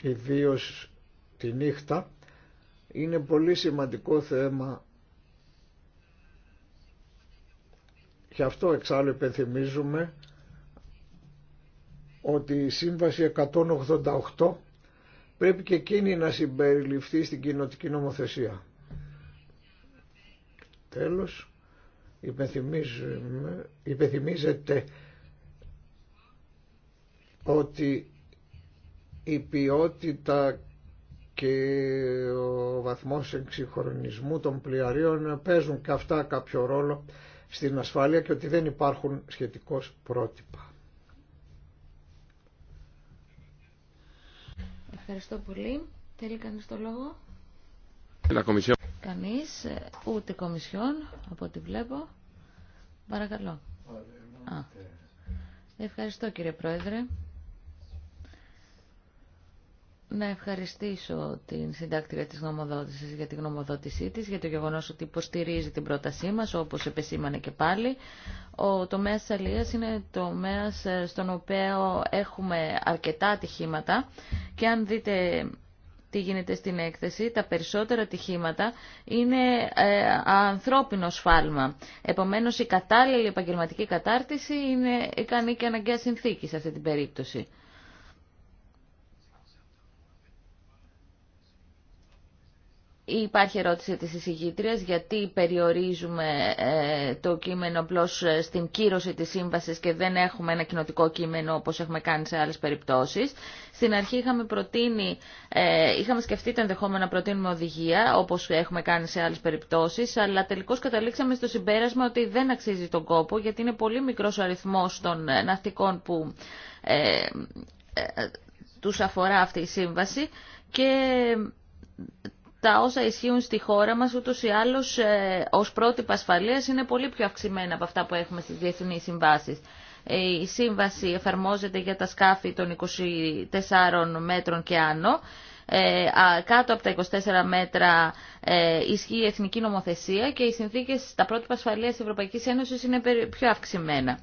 ιδίως τη νύχτα, είναι πολύ σημαντικό θέμα Γι' αυτό εξάλλου υπενθυμίζουμε ότι η Σύμβαση 188 πρέπει και εκείνη να συμπεριληφθεί στην κοινοτική νομοθεσία. Τέλος, υπενθυμίζεται ότι η ποιότητα και ο βαθμός εξυγχρονισμού των πλοιαρίων παίζουν και αυτά κάποιο ρόλο στην ασφάλεια και ότι δεν υπάρχουν σχετικώς πρότυπα. Ευχαριστώ πολύ. Θέλει κανείς το λόγο. Κανείς, ε, ούτε κομισιόν, από ό,τι βλέπω. Παρακαλώ. Ε, ε. Ευχαριστώ κύριε Πρόεδρε να ευχαριστήσω την συντάκτρια της γνωμοδότησης για την γνωμοδότησή της, για το γεγονός ότι υποστηρίζει την πρότασή μας, όπως επεσήμανε και πάλι. Ο τομέας της είναι είναι τομέας ε, στον οποίο έχουμε αρκετά ατυχήματα και αν δείτε τι γίνεται στην έκθεση, τα περισσότερα ατυχήματα είναι ε, ανθρώπινο σφάλμα. Επομένως η κατάλληλη επαγγελματική κατάρτιση είναι ικανή και αναγκαία συνθήκη σε αυτή την περίπτωση. Υπάρχει ερώτηση της εισηγήτριας γιατί περιορίζουμε ε, το κείμενο απλώ ε, στην κύρωση της σύμβασης και δεν έχουμε ένα κοινοτικό κείμενο όπως έχουμε κάνει σε άλλες περιπτώσεις. Στην αρχή είχαμε, προτείνει, ε, είχαμε σκεφτεί το ενδεχόμενο να προτείνουμε οδηγία όπως έχουμε κάνει σε άλλες περιπτώσεις αλλά τελικώς καταλήξαμε στο συμπέρασμα ότι δεν αξίζει τον κόπο γιατί είναι πολύ μικρός ο αριθμός των ναυτικών που ε, τους αφορά αυτή η σύμβαση και τα όσα ισχύουν στη χώρα μας ούτως ή άλλως ε, ως πρότυπα ασφαλείας είναι πολύ πιο αυξημένα από αυτά που έχουμε στις διεθνείς συμβάσεις. Ε, η σύμβαση εφαρμόζεται για τα σκάφη των 24 μέτρων και άνω. Ε, κάτω από τα 24 μέτρα ισχύει η εθνική νομοθεσία και οι συνθήκες τα πρότυπα ασφαλείας της Ευρωπαϊκής Ένωσης είναι πιο αυξημένα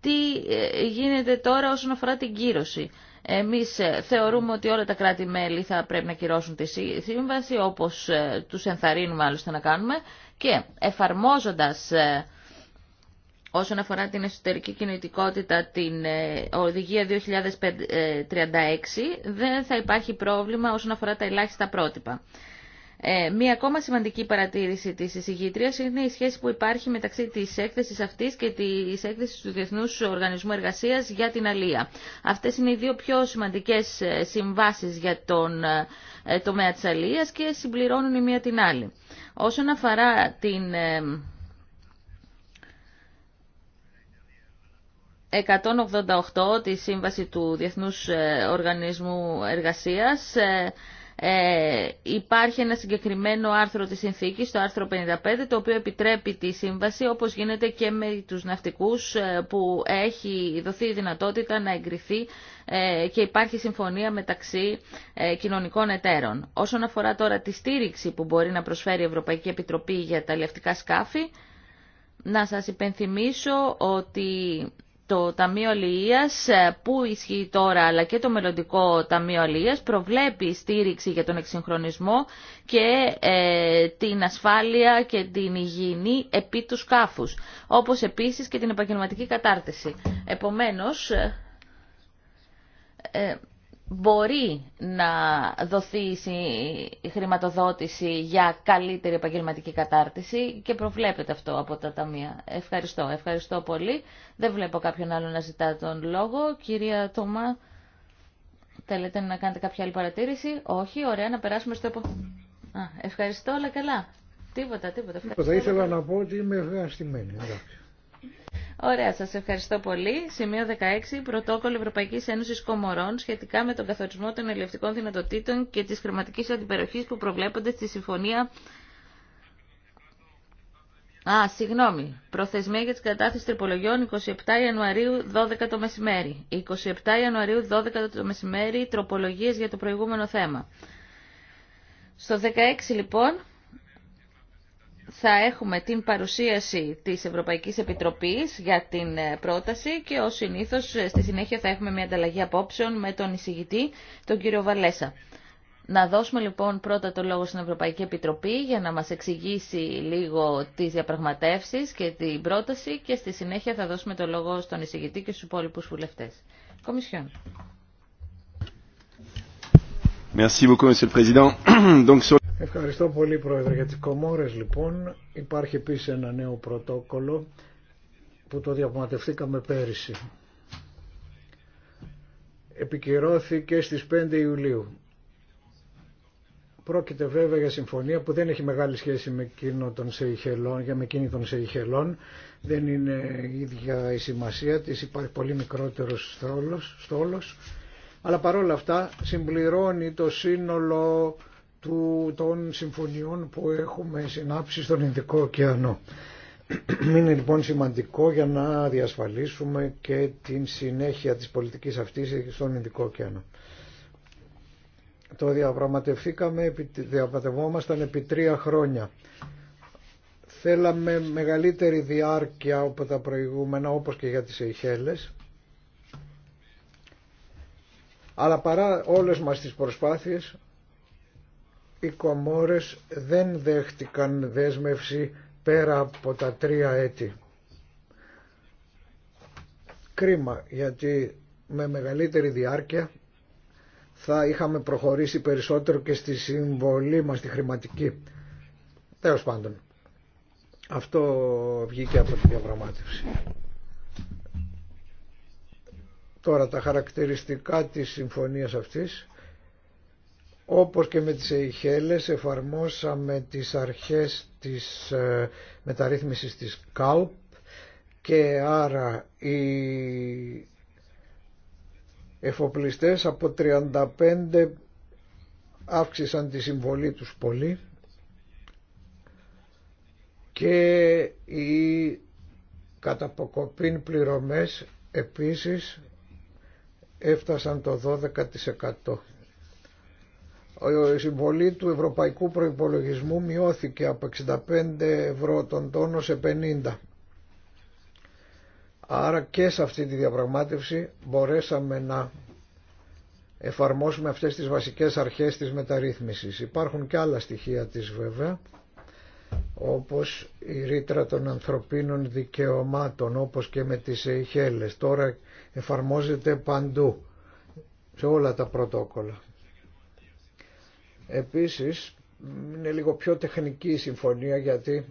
τι ε, γίνεται τώρα όσον αφορά την κύρωση. Εμείς ε, θεωρούμε ότι όλα τα κράτη-μέλη θα πρέπει να κυρώσουν τη σύμβαση, όπως ε, τους ενθαρρύνουμε άλλωστε να κάνουμε, και εφαρμόζοντας όσον αφορά την εσωτερική κινητικότητα την Οδηγία 2036, δεν θα υπάρχει πρόβλημα όσον αφορά τα ελάχιστα πρότυπα. Ε, μία ακόμα σημαντική παρατήρηση της εισηγήτριας είναι η σχέση που υπάρχει μεταξύ της έκθεσης αυτής και της έκθεσης του Διεθνούς Οργανισμού Εργασίας για την Αλία. Αυτές είναι οι δύο πιο σημαντικές ε, συμβάσεις για τον ε, τομέα της Αλίας και συμπληρώνουν η μία την άλλη. Όσον αφορά την... 188 τη Σύμβαση του Διεθνούς Οργανισμού Εργασίας ε, υπάρχει ένα συγκεκριμένο άρθρο της συνθήκης, το άρθρο 55, το οποίο επιτρέπει τη σύμβαση, όπως γίνεται και με τους ναυτικούς ε, που έχει δοθεί η δυνατότητα να εγκριθεί ε, και υπάρχει συμφωνία μεταξύ ε, κοινωνικών εταίρων. Όσον αφορά τώρα τη στήριξη που μπορεί να προσφέρει η Ευρωπαϊκή Επιτροπή για τα λευτικά σκάφη, να σας υπενθυμίσω ότι το Ταμείο Αλληλείας ε, που ισχύει τώρα αλλά και το μελλοντικό Ταμείο Αλληλείας προβλέπει στήριξη για τον εξυγχρονισμό και ε, την ασφάλεια και την υγιεινή επί του σκάφους, όπως επίσης και την επαγγελματική κατάρτιση. Επομένως, ε, μπορεί να δοθεί η χρηματοδότηση για καλύτερη επαγγελματική κατάρτιση και προβλέπεται αυτό από τα ταμεία. Ευχαριστώ, ευχαριστώ πολύ. Δεν βλέπω κάποιον άλλο να ζητά τον λόγο. Κυρία Τόμα, θέλετε να κάνετε κάποια άλλη παρατήρηση. Όχι, ωραία, να περάσουμε στο επόμενο. Ευχαριστώ, όλα καλά. Τίποτα, τίποτα. Θα Ήθελα να πω ότι είμαι ευχαριστημένη. Εντάξει. Ωραία, σας ευχαριστώ πολύ. Σημείο 16, Πρωτόκολλο Ευρωπαϊκής Ένωσης Κομορών σχετικά με τον καθορισμό των ελευτικών δυνατοτήτων και της χρηματικής αντιπεροχής που προβλέπονται στη Συμφωνία... Α, συγγνώμη. Προθεσμία για τις κατάθεση τροπολογιών 27 Ιανουαρίου 12 το μεσημέρι. 27 Ιανουαρίου 12 το μεσημέρι, τροπολογίες για το προηγούμενο θέμα. Στο 16 λοιπόν, θα έχουμε την παρουσίαση της Ευρωπαϊκής Επιτροπής για την ε, πρόταση και ως συνήθως ε, στη συνέχεια θα έχουμε μια ανταλλαγή απόψεων με τον εισηγητή, τον κύριο Βαλέσα. Να δώσουμε λοιπόν πρώτα το λόγο στην Ευρωπαϊκή Επιτροπή για να μας εξηγήσει λίγο τις διαπραγματεύσεις και την πρόταση και στη συνέχεια θα δώσουμε το λόγο στον εισηγητή και στους υπόλοιπους βουλευτές. Κομισιόν. Merci beaucoup, Ευχαριστώ πολύ Πρόεδρε για τις Κομόρες λοιπόν. Υπάρχει επίσης ένα νέο πρωτόκολλο που το διαπραγματευτήκαμε πέρυσι. Επικυρώθηκε στις 5 Ιουλίου. Πρόκειται βέβαια για συμφωνία που δεν έχει μεγάλη σχέση με εκείνο των για με εκείνη των Σεϊχελών. Δεν είναι η ίδια η σημασία της, υπάρχει πολύ μικρότερος στόλος. Αλλά παρόλα αυτά συμπληρώνει το σύνολο του, των συμφωνιών που έχουμε συνάψει στον Ινδικό ωκεανό. Είναι λοιπόν σημαντικό για να διασφαλίσουμε και την συνέχεια της πολιτικής αυτής στον Ινδικό ωκεανό. Το διαπραγματευθήκαμε, διαπραγματευόμασταν επί τρία χρόνια. Θέλαμε μεγαλύτερη διάρκεια από τα προηγούμενα, όπως και για τις Ειχέλες. Αλλά παρά όλες μας τις προσπάθειες, οι Κομόρες δεν δέχτηκαν δέσμευση πέρα από τα τρία έτη. Κρίμα γιατί με μεγαλύτερη διάρκεια θα είχαμε προχωρήσει περισσότερο και στη συμβολή μας, στη χρηματική. Τέλος πάντων, αυτό βγήκε από τη διαπραγμάτευση. Τώρα τα χαρακτηριστικά της συμφωνίας αυτής όπως και με τις Ειχέλες εφαρμόσαμε τις αρχές της ε, μεταρρύθμισης της ΚΑΛΠ και άρα οι εφοπλιστές από 35 αύξησαν τη συμβολή τους πολύ και οι καταποκοπήν πληρωμές επίσης έφτασαν το 12% η συμβολή του ευρωπαϊκού προϋπολογισμού μειώθηκε από 65 ευρώ τον τόνο σε 50. Άρα και σε αυτή τη διαπραγμάτευση μπορέσαμε να εφαρμόσουμε αυτές τις βασικές αρχές της μεταρρύθμισης. Υπάρχουν και άλλα στοιχεία της βέβαια, όπως η ρήτρα των ανθρωπίνων δικαιωμάτων, όπως και με τις Σεϊχέλες. Τώρα εφαρμόζεται παντού, σε όλα τα πρωτόκολλα. Επίσης, είναι λίγο πιο τεχνική η συμφωνία γιατί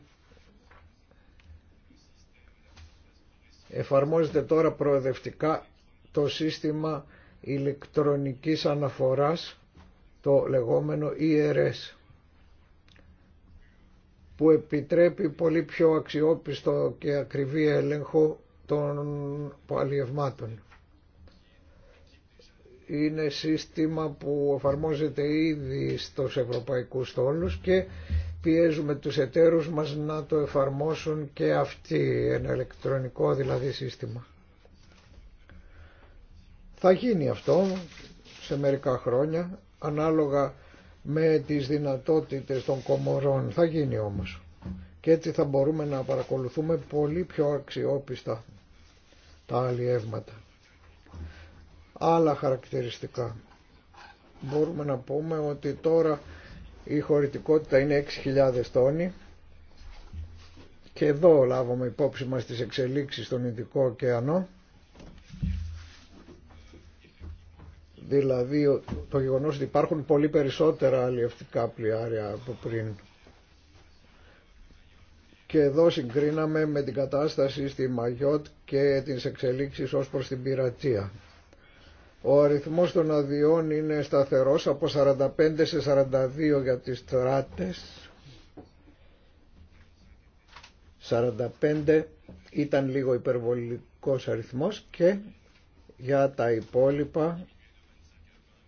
εφαρμόζεται τώρα προοδευτικά το σύστημα ηλεκτρονικής αναφοράς, το λεγόμενο ERS που επιτρέπει πολύ πιο αξιόπιστο και ακριβή έλεγχο των παλιευμάτων είναι σύστημα που εφαρμόζεται ήδη στους ευρωπαϊκούς στόλους και πιέζουμε τους εταίρους μας να το εφαρμόσουν και αυτή ένα ηλεκτρονικό δηλαδή σύστημα. Θα γίνει αυτό σε μερικά χρόνια, ανάλογα με τις δυνατότητες των κομμωρών. Θα γίνει όμως. Και έτσι θα μπορούμε να παρακολουθούμε πολύ πιο αξιόπιστα τα αλλιεύματα άλλα χαρακτηριστικά. Μπορούμε να πούμε ότι τώρα η χωρητικότητα είναι 6.000 τόνοι και εδώ λάβουμε υπόψη μας τις εξελίξεις στον Ινδικό ωκεανό δηλαδή το γεγονός ότι υπάρχουν πολύ περισσότερα αλλιευτικά πλοιάρια από πριν και εδώ συγκρίναμε με την κατάσταση στη Μαγιότ και τις εξελίξεις ως προς την πειρατεία. Ο αριθμός των αδειών είναι σταθερός από 45 σε 42 για τις τράτες. 45 ήταν λίγο υπερβολικός αριθμός και για τα υπόλοιπα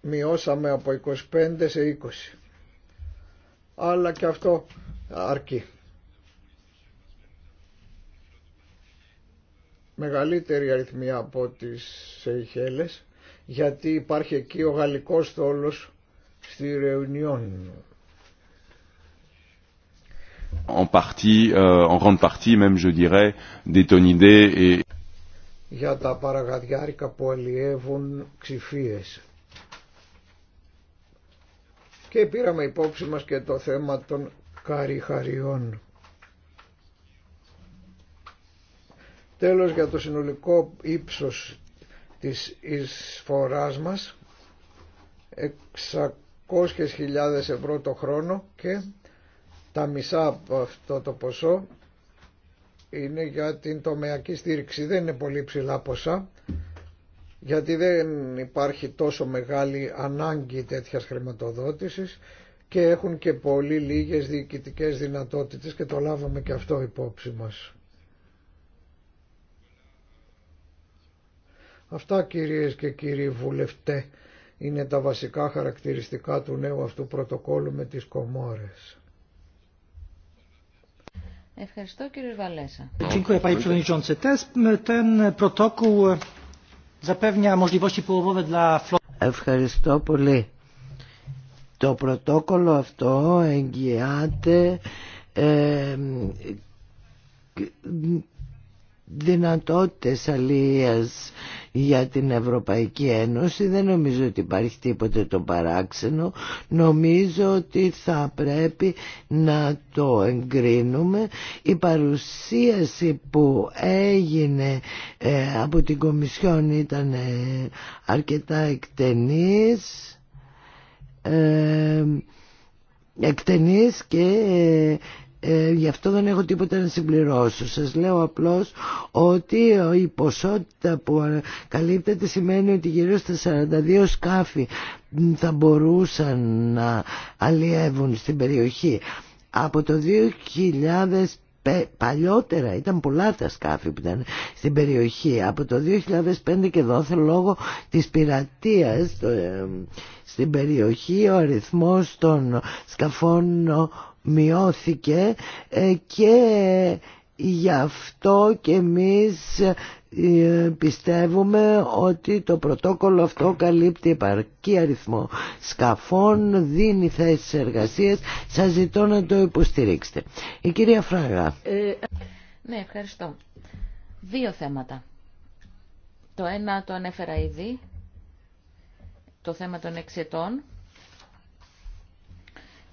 μειώσαμε από 25 σε 20. Αλλά και αυτό αρκεί. Μεγαλύτερη αριθμία από τις Σεϊχέλες γιατί υπάρχει εκεί ο γαλλικός στόλος στη Ρεουνιόν. En partie, euh, en grande partie même je dirais, Για τα παραγαδιάρικα που αλλιεύουν ξυφίες. Και πήραμε υπόψη μας και το θέμα των καριχαριών. Τέλος για το συνολικό ύψος της εισφοράς μας 600.000 ευρώ το χρόνο και τα μισά από αυτό το ποσό είναι για την τομεακή στήριξη. Δεν είναι πολύ ψηλά ποσά γιατί δεν υπάρχει τόσο μεγάλη ανάγκη τέτοιας χρηματοδότησης και έχουν και πολύ λίγες διοικητικές δυνατότητες και το λάβαμε και αυτό υπόψη μας. Αυτά κυρίες και κύριοι βουλευτέ είναι τα βασικά χαρακτηριστικά του νέου αυτού πρωτοκόλλου με τις Κομόρες. Ευχαριστώ κύριε Βαλέσα. Dziękuję panie przewodniczący. Ten protokół zapewnia możliwości połowowe dla floty. Ευχαριστώ πολύ. Το πρωτόκολλο αυτό εγγυάται ε, δυνατότητες αλίας για την Ευρωπαϊκή Ένωση δεν νομίζω ότι υπάρχει τίποτε το παράξενο νομίζω ότι θα πρέπει να το εγκρίνουμε η παρουσίαση που έγινε ε, από την Κομισιόν ήταν ε, αρκετά εκτενής ε, εκτενής και ε, γι' αυτό δεν έχω τίποτα να συμπληρώσω. Σας λέω απλώς ότι η ποσότητα που καλύπτεται σημαίνει ότι γύρω στα 42 σκάφη θα μπορούσαν να αλλιεύουν στην περιοχή. Από το 2000 παλιότερα ήταν πολλά τα σκάφη που ήταν στην περιοχή από το 2005 και δόθε λόγω της πειρατείας ε, στην περιοχή ο αριθμός των σκαφών μειώθηκε ε, και γι' αυτό και εμείς ε, πιστεύουμε ότι το πρωτόκολλο αυτό καλύπτει επαρκή αριθμό σκαφών, δίνει θέσεις εργασίας. Σας ζητώ να το υποστηρίξετε. Η κυρία Φράγα. Ε, ναι, ευχαριστώ. Δύο θέματα. Το ένα το ανέφερα ήδη, το θέμα των εξετών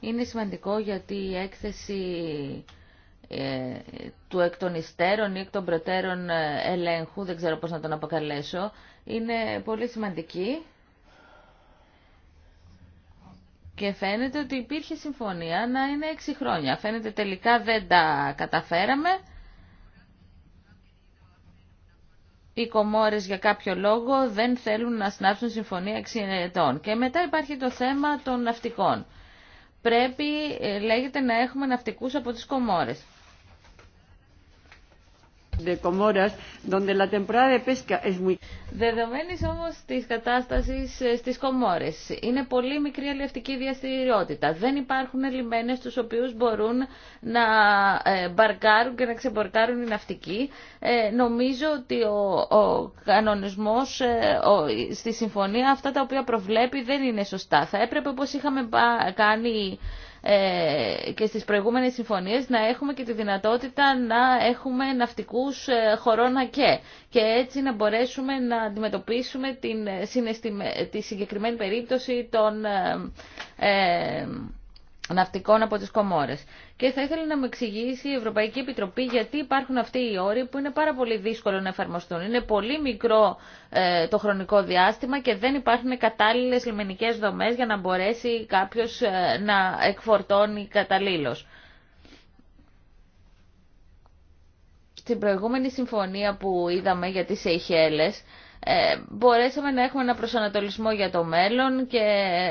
είναι σημαντικό γιατί η έκθεση ε, του εκ των υστέρων ή εκ των προτέρων ε, ελέγχου, δεν ξέρω πώς να τον αποκαλέσω, είναι πολύ σημαντική και φαίνεται ότι υπήρχε συμφωνία να είναι έξι χρόνια. Φαίνεται τελικά δεν τα καταφέραμε. Οι κομόρες για κάποιο λόγο δεν θέλουν να συνάψουν συμφωνία 6 ετών. Και μετά υπάρχει το θέμα των ναυτικών πρέπει, ε, λέγεται, να έχουμε ναυτικούς από τις Κομόρες. Δεδομένης όμως της κατάστασης ε, στις Κομόρες, είναι πολύ μικρή αλληλευτική διαστηριότητα. Δεν υπάρχουν λιμένες τους οποίους μπορούν να ε, μπαρκάρουν και να ξεμπορκάρουν οι ναυτικοί. Ε, νομίζω ότι ο, ο κανονισμός στη συμφωνία αυτά τα οποία προβλέπει δεν είναι σωστά. Θα έπρεπε όπως είχαμε κάνει ε, και στις προηγούμενες συμφωνίες να έχουμε και τη δυνατότητα να έχουμε ναυτικούς ε, χωρών ΑΚΕ και έτσι να μπορέσουμε να αντιμετωπίσουμε την, τη συγκεκριμένη περίπτωση των ε, ναυτικών από τις Κομόρες. Και θα ήθελα να μου εξηγήσει η Ευρωπαϊκή Επιτροπή γιατί υπάρχουν αυτοί οι όροι που είναι πάρα πολύ δύσκολο να εφαρμοστούν. Είναι πολύ μικρό ε, το χρονικό διάστημα και δεν υπάρχουν κατάλληλες λιμενικές δομές για να μπορέσει κάποιος ε, να εκφορτώνει καταλήλως. Στην προηγούμενη συμφωνία που είδαμε για τις Σεϊχέλες, ε, μπορέσαμε να έχουμε ένα προσανατολισμό για το μέλλον και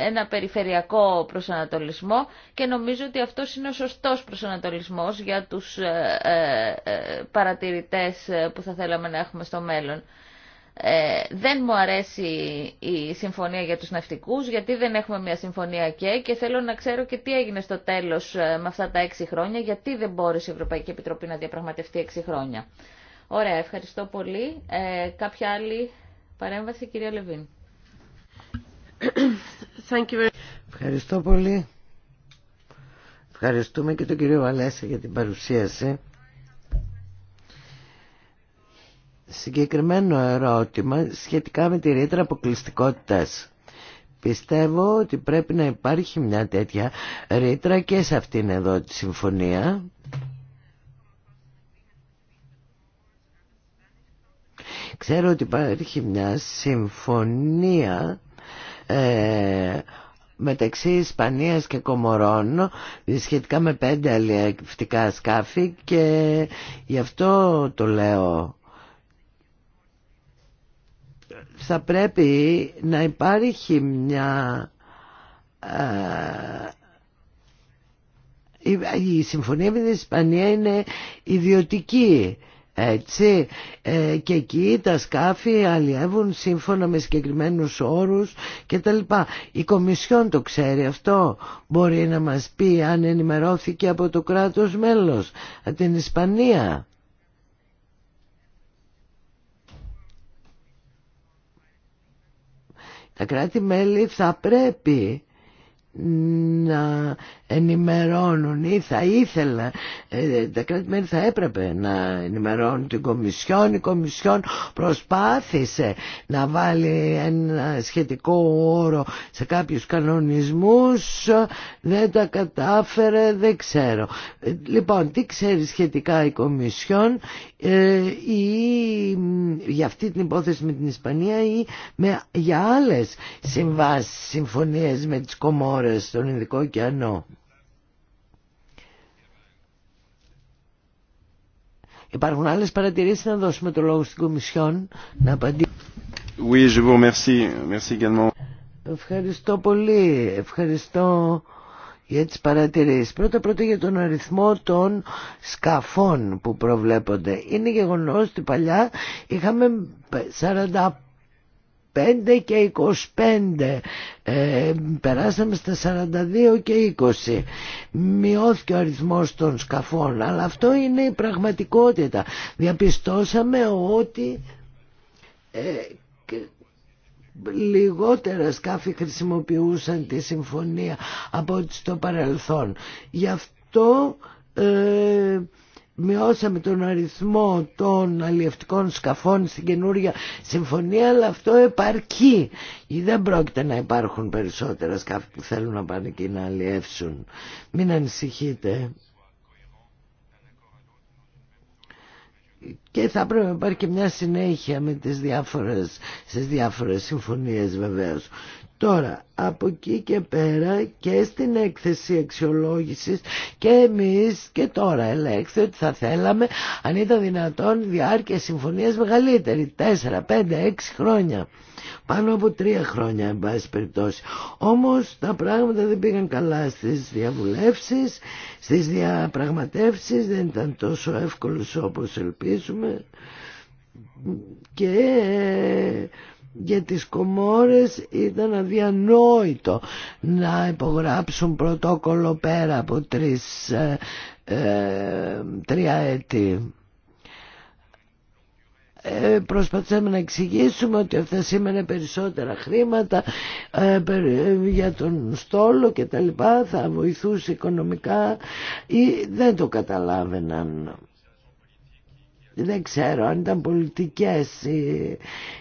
ένα περιφερειακό προσανατολισμό και νομίζω ότι αυτό είναι ο σωστός προσανατολισμός για τους ε, ε, παρατηρητές που θα θέλαμε να έχουμε στο μέλλον. Ε, δεν μου αρέσει η συμφωνία για τους ναυτικούς, γιατί δεν έχουμε μια συμφωνία και, και θέλω να ξέρω και τι έγινε στο τέλος με αυτά τα έξι χρόνια, γιατί δεν μπόρεσε η Ευρωπαϊκή Επιτροπή να διαπραγματευτεί έξι χρόνια. Ωραία, ευχαριστώ πολύ. Ε, κάποια άλλη παρέμβαση, κυρία Λεβίν. Thank you. Ευχαριστώ πολύ. Ευχαριστούμε και τον κύριο Βαλέσσα για την παρουσίαση. Συγκεκριμένο ερώτημα σχετικά με τη ρήτρα αποκλειστικότητα. Πιστεύω ότι πρέπει να υπάρχει μια τέτοια ρήτρα και σε αυτήν εδώ τη συμφωνία Ξέρω ότι υπάρχει μια συμφωνία ε, μεταξύ Ισπανίας και Κομορών σχετικά με πέντε αλλιευτικά σκάφη και γι' αυτό το λέω θα πρέπει να υπάρχει μια ε, η συμφωνία με την Ισπανία είναι ιδιωτική έτσι ε, και εκεί τα σκάφη αλλιεύουν σύμφωνα με συγκεκριμένους όρους και τα λοιπά. Η Κομισιόν το ξέρει αυτό μπορεί να μας πει αν ενημερώθηκε από το κράτος μέλος την Ισπανία Τα κράτη-μέλη θα πρέπει να ενημερώνουν ή θα ήθελα, ε, τα κράτη-μέλη θα έπρεπε να ενημερώνουν την Κομισιόν. Η Κομισιόν θα επρεπε να βάλει ένα σχετικό όρο σε κάποιους κανονισμούς, δεν τα κατάφερε, δεν ξέρω. Ε, λοιπόν, τι ξέρει σχετικά η Κομισιόν ε, ή για αυτή την υπόθεση με την Ισπανία ή με, για άλλες συμβάσεις, συμφωνίες με τις Κομόρες στον Ινδικό ωκεανό. Υπάρχουν άλλες παρατηρήσεις να δώσουμε το λόγο στην Κομισιόν να απαντήσει. Oui, Ευχαριστώ πολύ. Ευχαριστώ για τις παρατηρήσεις. Πρώτα πρώτα για τον αριθμό των σκαφών που προβλέπονται. Είναι γεγονός ότι παλιά είχαμε 40 και 25 ε, περάσαμε στα 42 και 20 μειώθηκε ο αριθμός των σκαφών αλλά αυτό είναι η πραγματικότητα διαπιστώσαμε ότι ε, λιγότερα σκάφη χρησιμοποιούσαν τη συμφωνία από ό,τι στο παρελθόν γι' αυτό ε, μειώσαμε τον αριθμό των αλλιευτικών σκαφών στην καινούρια συμφωνία αλλά αυτό επαρκεί ή δεν πρόκειται να υπάρχουν περισσότερα σκάφη που θέλουν να πάνε και να αλλιεύσουν μην ανησυχείτε και θα πρέπει να υπάρχει και μια συνέχεια με τις διάφορες, στις διάφορες συμφωνίες βεβαίως Τώρα, από εκεί και πέρα και στην έκθεση αξιολόγησης και εμείς και τώρα ελέγξτε ότι θα θέλαμε αν ήταν δυνατόν διάρκεια συμφωνίας μεγαλύτερη, 4, 5, 6 χρόνια. Πάνω από 3 χρόνια, εν πάση περιπτώσει. Όμως τα πράγματα δεν πήγαν καλά στις διαβουλεύσεις, στις διαπραγματεύσεις, δεν ήταν τόσο εύκολο όπως ελπίζουμε. Και ε, για τις Κομόρες ήταν αδιανόητο να υπογράψουν πρωτόκολλο πέρα από τρεις, ε, ε, τρία έτη. Ε, προσπαθήσαμε να εξηγήσουμε ότι αυτά σήμαινε περισσότερα χρήματα ε, ε, για τον στόλο και τα λοιπά, θα βοηθούσε οικονομικά ή δεν το καταλάβαιναν δεν ξέρω αν ήταν πολιτικές οι,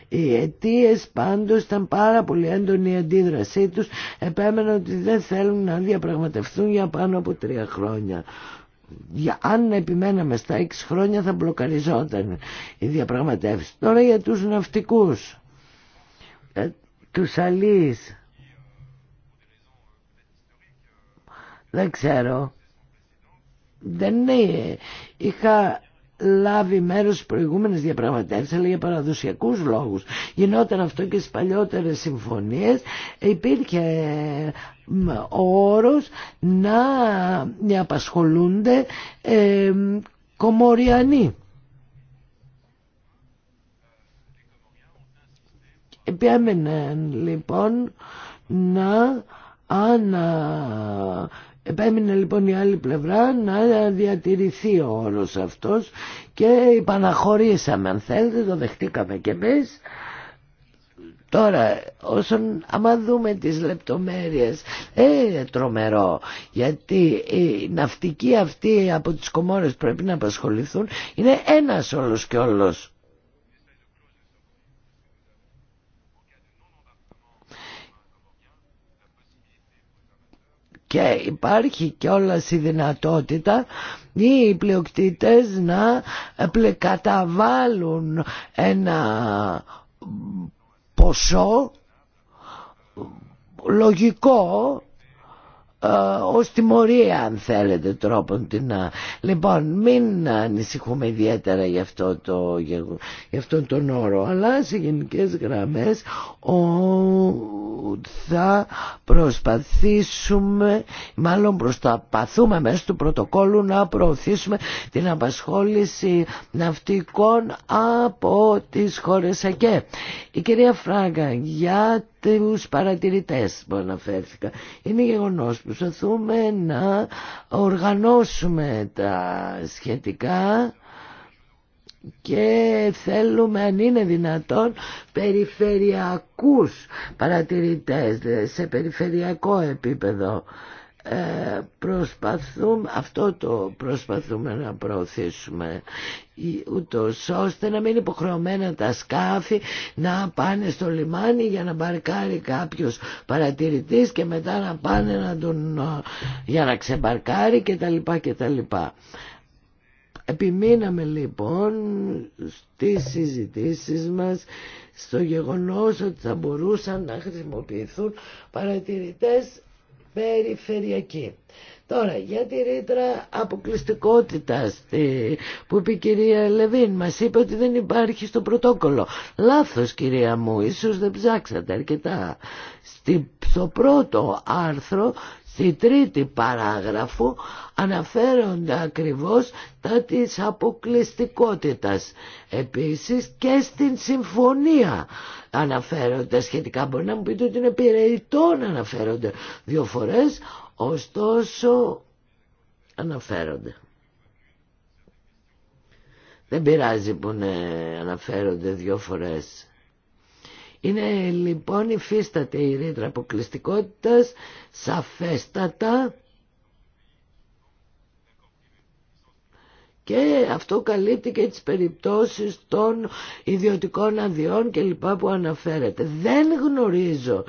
οι αιτίε πάντως ήταν πάρα πολύ έντονη η αντίδρασή τους επέμεναν ότι δεν θέλουν να διαπραγματευτούν για πάνω από τρία χρόνια για, αν επιμέναμε στα έξι χρόνια θα μπλοκαριζόταν η διαπραγματεύση τώρα για τους ναυτικούς ε, τους αλείς δεν ξέρω δεν είναι. Είχα λάβει μέρος στις προηγούμενες διαπραγματεύσεις αλλά για παραδοσιακούς λόγους γινόταν αυτό και στις παλιότερες συμφωνίες υπήρχε ο όρος να απασχολούνται ε, κομοριανοί Επιέμενε λοιπόν να ανα Επέμεινε λοιπόν η άλλη πλευρά να διατηρηθεί ο όρος αυτός και υπαναχωρήσαμε αν θέλετε, το δεχτήκαμε κι εμείς. Τώρα, όσον, άμα δούμε τις λεπτομέρειες, ε, τρομερό, γιατί οι ναυτικοί αυτοί από τις κομμόρες πρέπει να απασχοληθούν, είναι ένας όλος και όλος και υπάρχει όλα η δυνατότητα οι πλειοκτήτες να ε, καταβάλουν ένα ποσό λογικό ε, ως τιμωρία αν θέλετε τρόπον την λοιπόν μην ανησυχούμε ιδιαίτερα γι' αυτό το αυτόν τον όρο αλλά σε γενικές γραμμές ο, θα προσπαθήσουμε μάλλον προσπαθούμε μέσα του πρωτοκόλλου να προωθήσουμε την απασχόληση ναυτικών από τις χώρες ΑΚΕ η κυρία Φράγκα για τους παρατηρητές που αναφέρθηκα. Είναι γεγονός. σωθούμε να οργανώσουμε τα σχετικά και θέλουμε αν είναι δυνατόν περιφερειακούς παρατηρητές σε περιφερειακό επίπεδο ε, προσπαθούμε, αυτό το προσπαθούμε να προωθήσουμε ούτω ώστε να μην υποχρεωμένα τα σκάφη να πάνε στο λιμάνι για να μπαρκάρει κάποιος παρατηρητής και μετά να πάνε να τον, ε, για να ξεμπαρκάρει κτλ. κτλ. Επιμείναμε λοιπόν στις συζητήσεις μας στο γεγονός ότι θα μπορούσαν να χρησιμοποιηθούν παρατηρητές περιφερειακή. Τώρα, για τη ρήτρα αποκλειστικότητα που είπε η κυρία Λεβίν, μα είπε ότι δεν υπάρχει στο πρωτόκολλο. Λάθο, κυρία μου, ίσω δεν ψάξατε αρκετά. Στο πρώτο άρθρο Στη τρίτη παράγραφο αναφέρονται ακριβώς τα της αποκλειστικότητας. Επίσης και στην συμφωνία αναφέρονται σχετικά. Μπορεί να μου πείτε ότι είναι πειραιητό να αναφέρονται δύο φορές, ωστόσο αναφέρονται. Δεν πειράζει που ναι, αναφέρονται δύο φορές. Είναι λοιπόν υφίσταται η ρήτρα αποκλειστικότητα σαφέστατα και αυτό καλύπτει και τις περιπτώσεις των ιδιωτικών αδειών και λοιπά που αναφέρεται. Δεν γνωρίζω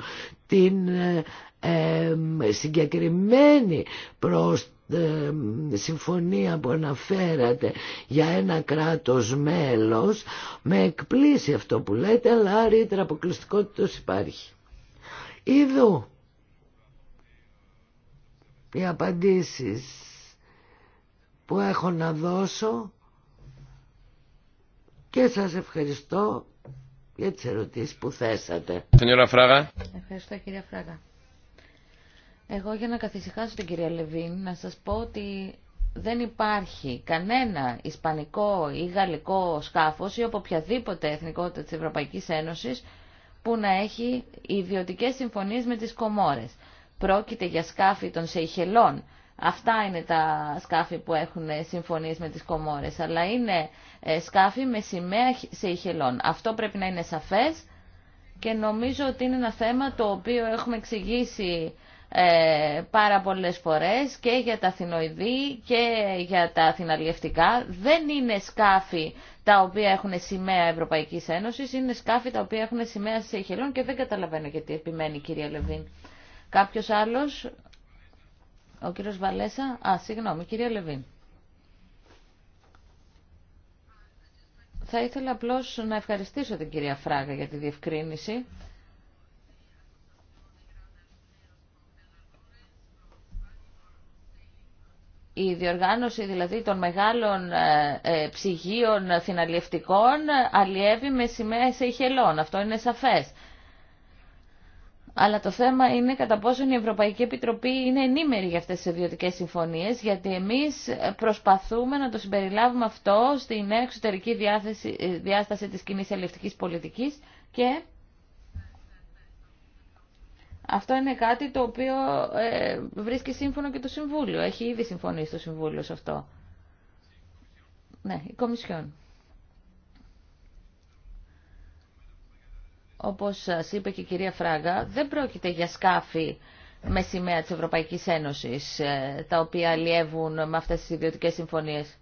την ε, ε, συγκεκριμένη προς ε, συμφωνία που αναφέρατε για ένα κράτος μέλος με εκπλήσει αυτό που λέτε αλλά ρήτρα αποκλειστικότητας υπάρχει. Είδου οι απαντήσεις που έχω να δώσω και σας ευχαριστώ για τις ερωτήσεις που θέσατε. Ευχαριστώ κυρία Φράγα. Εγώ για να καθησυχάσω την κυρία Λεβίν, να σας πω ότι δεν υπάρχει κανένα ισπανικό ή γαλλικό σκάφος ή από οποιαδήποτε εθνικότητα της Ευρωπαϊκής Ένωσης που να έχει ιδιωτικές συμφωνίες με τις Κομόρες. Πρόκειται για σκάφη των Σεϊχελών. Αυτά είναι τα σκάφη που έχουν συμφωνίες με τις Κομόρες, αλλά είναι ε, σκάφη με σημαία Σεϊχελών. Αυτό πρέπει να είναι σαφές και νομίζω ότι είναι ένα θέμα το οποίο έχουμε εξηγήσει ε, πάρα πολλές φορές και για τα αθηνοειδή και για τα αθηναλιευτικά. Δεν είναι σκάφη τα οποία έχουν σημαία Ευρωπαϊκής Ένωσης, είναι σκάφη τα οποία έχουν σημαία Σεϊχελών και δεν καταλαβαίνω γιατί επιμένει η κυρία Λεβίν. Κάποιος άλλος, ο κύριος Βαλέσα, α, συγγνώμη, κυρία Λεβίν. Θα ήθελα απλώς να ευχαριστήσω την κυρία Φράγα για τη διευκρίνηση. η διοργάνωση δηλαδή των μεγάλων ε, ε ψυγείων θυναλιευτικών αλλιεύει με σε ηχελών. Αυτό είναι σαφές. Αλλά το θέμα είναι κατά πόσον η Ευρωπαϊκή Επιτροπή είναι ενήμερη για αυτές τις ιδιωτικές συμφωνίες, γιατί εμείς προσπαθούμε να το συμπεριλάβουμε αυτό στην εξωτερική ε, διάσταση της κοινή ελευτικής πολιτικής και αυτό είναι κάτι το οποίο ε, βρίσκει σύμφωνο και το Συμβούλιο. Έχει ήδη συμφωνήσει το Συμβούλιο σε αυτό. Ναι, η Κομισιόν. Όπως σας είπε και η κυρία Φράγκα, δεν πρόκειται για σκάφη με σημαία της Ευρωπαϊκής Ένωσης, ε, τα οποία αλλιεύουν με αυτές τις ιδιωτικές συμφωνίες.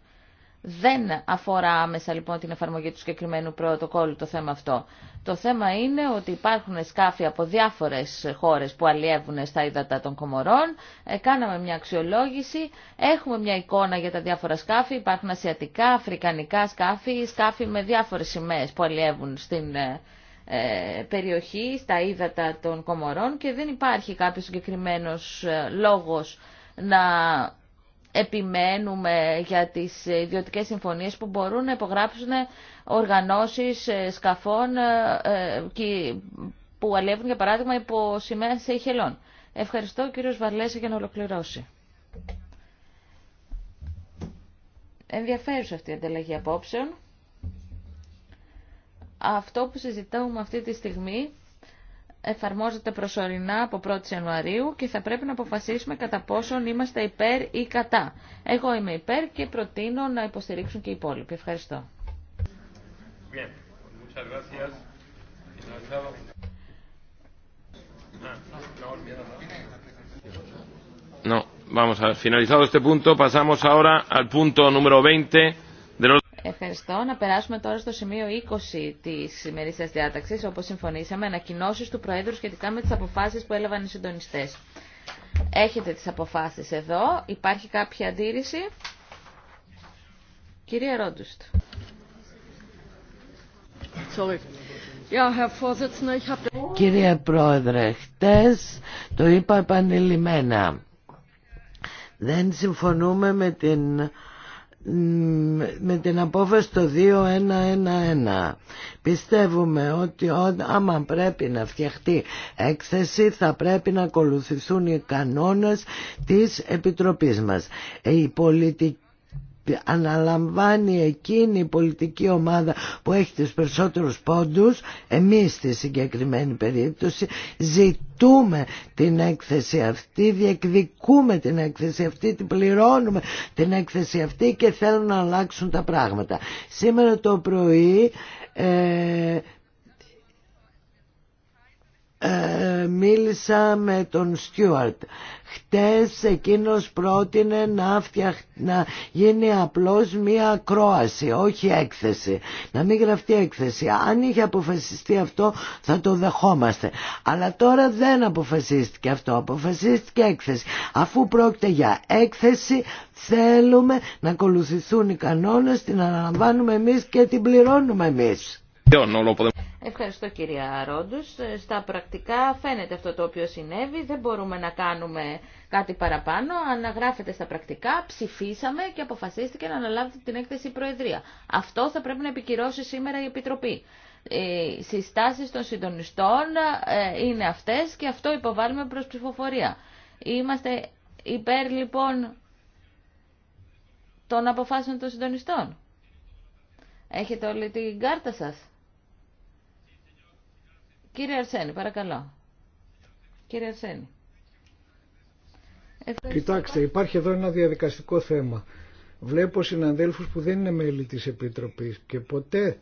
Δεν αφορά άμεσα λοιπόν την εφαρμογή του συγκεκριμένου πρωτοκόλλου το θέμα αυτό. Το θέμα είναι ότι υπάρχουν σκάφη από διάφορες χώρες που αλλιεύουν στα ύδατα των Κομορών. Ε, κάναμε μια αξιολόγηση, έχουμε μια εικόνα για τα διάφορα σκάφη. Υπάρχουν ασιατικά, αφρικανικά σκάφη, σκάφη με διάφορες σημαίες που αλλιεύουν στην ε, ε, περιοχή, στα ύδατα των Κομορών και δεν υπάρχει κάποιος συγκεκριμένος ε, λόγος να επιμένουμε για τις ιδιωτικές συμφωνίες που μπορούν να υπογράψουν οργανώσεις ε, σκαφών ε, ε, που αλεύουν για παράδειγμα υπό σημαία σε ηχελών. Ευχαριστώ κύριος Βαρλέσσα, για να ολοκληρώσει. Ενδιαφέρουσα αυτή η ανταλλαγή απόψεων. Αυτό που συζητάμε αυτή τη στιγμή εφαρμόζεται προσωρινά από 1η Ιανουαρίου και θα πρέπει να αποφασίσουμε κατά πόσον είμαστε υπέρ ή κατά. Εγώ είμαι υπέρ και προτείνω να υποστηρίξουν και οι υπόλοιποι. Ευχαριστώ. Ah, no, vamos a finalizado este punto, pasamos ahora al punto número 20 Ευχαριστώ. Να περάσουμε τώρα στο σημείο 20 της ημερήσιας διάταξη, όπως συμφωνήσαμε, ανακοινώσεις του Προέδρου σχετικά με τις αποφάσεις που έλαβαν οι συντονιστέ. Έχετε τις αποφάσεις εδώ. Υπάρχει κάποια αντίρρηση. Κυρία Ρόντουστ. Sorry. Κύριε Πρόεδρε, χτες το είπα επανειλημμένα. Δεν συμφωνούμε με την με την απόφαση το 2 πιστευουμε ό, άμα πρέπει να φτιαχτεί έκθεση θα πρέπει να ακολουθηθούν οι κανόνες της Επιτροπής μας. Η πολιτική αναλαμβάνει εκείνη η πολιτική ομάδα που έχει τους περισσότερους πόντους εμείς στη συγκεκριμένη περίπτωση ζητούμε την έκθεση αυτή διεκδικούμε την έκθεση αυτή την πληρώνουμε την έκθεση αυτή και θέλουν να αλλάξουν τα πράγματα σήμερα το πρωί ε, ε, μίλησα με τον Στιούαρτ. Χτες εκείνος πρότεινε να, να γίνει απλώς μία ακρόαση, όχι έκθεση. Να μην γραφτεί έκθεση. Αν είχε αποφασιστεί αυτό θα το δεχόμαστε. Αλλά τώρα δεν αποφασίστηκε αυτό, αποφασίστηκε έκθεση. Αφού πρόκειται για έκθεση θέλουμε να ακολουθηθούν οι κανόνες, την αναλαμβάνουμε εμείς και την πληρώνουμε εμείς. Ευχαριστώ κυρία Ρόντους. Ε, στα πρακτικά φαίνεται αυτό το οποίο συνέβη. Δεν μπορούμε να κάνουμε κάτι παραπάνω. Αναγράφεται στα πρακτικά, ψηφίσαμε και αποφασίστηκε να αναλάβει την έκθεση η Προεδρία. Αυτό θα πρέπει να επικυρώσει σήμερα η Επιτροπή. Ε, οι συστάσεις των συντονιστών ε, είναι αυτές και αυτό υποβάλλουμε προς ψηφοφορία. Είμαστε υπέρ λοιπόν των αποφάσεων των συντονιστών. Έχετε όλη την κάρτα σας. Κύριε Αρσένη, παρακαλώ. Κύριε Αρσένη. Κοιτάξτε, υπάρχει εδώ ένα διαδικαστικό θέμα. Βλέπω συναδέλφους που δεν είναι μέλη της Επιτροπής και ποτέ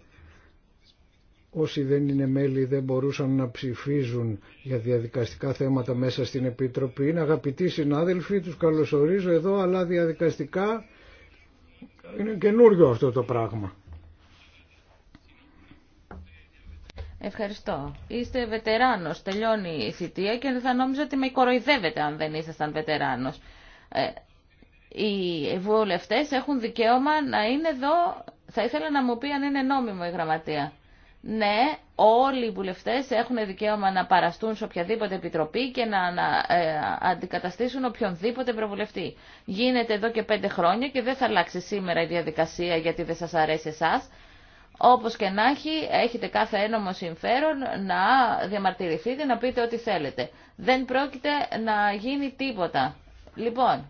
όσοι δεν είναι μέλη δεν μπορούσαν να ψηφίζουν για διαδικαστικά θέματα μέσα στην Επιτροπή. Είναι αγαπητοί συνάδελφοι, τους καλωσορίζω εδώ, αλλά διαδικαστικά είναι καινούριο αυτό το πράγμα. Ευχαριστώ. Είστε βετεράνος, τελειώνει η θητεία και θα νόμιζα ότι με κοροϊδεύετε αν δεν ήσασταν βετεράνος. Ε, οι βουλευτέ έχουν δικαίωμα να είναι εδώ, θα ήθελα να μου πει αν είναι νόμιμο η γραμματεία. Ναι, όλοι οι βουλευτέ έχουν δικαίωμα να παραστούν σε οποιαδήποτε επιτροπή και να, να ε, αντικαταστήσουν οποιονδήποτε προβουλευτή. Γίνεται εδώ και πέντε χρόνια και δεν θα αλλάξει σήμερα η διαδικασία γιατί δεν σα αρέσει εσά. Όπως και να έχει, έχετε κάθε ένομο συμφέρον να διαμαρτυρηθείτε, να πείτε ό,τι θέλετε. Δεν πρόκειται να γίνει τίποτα. Λοιπόν,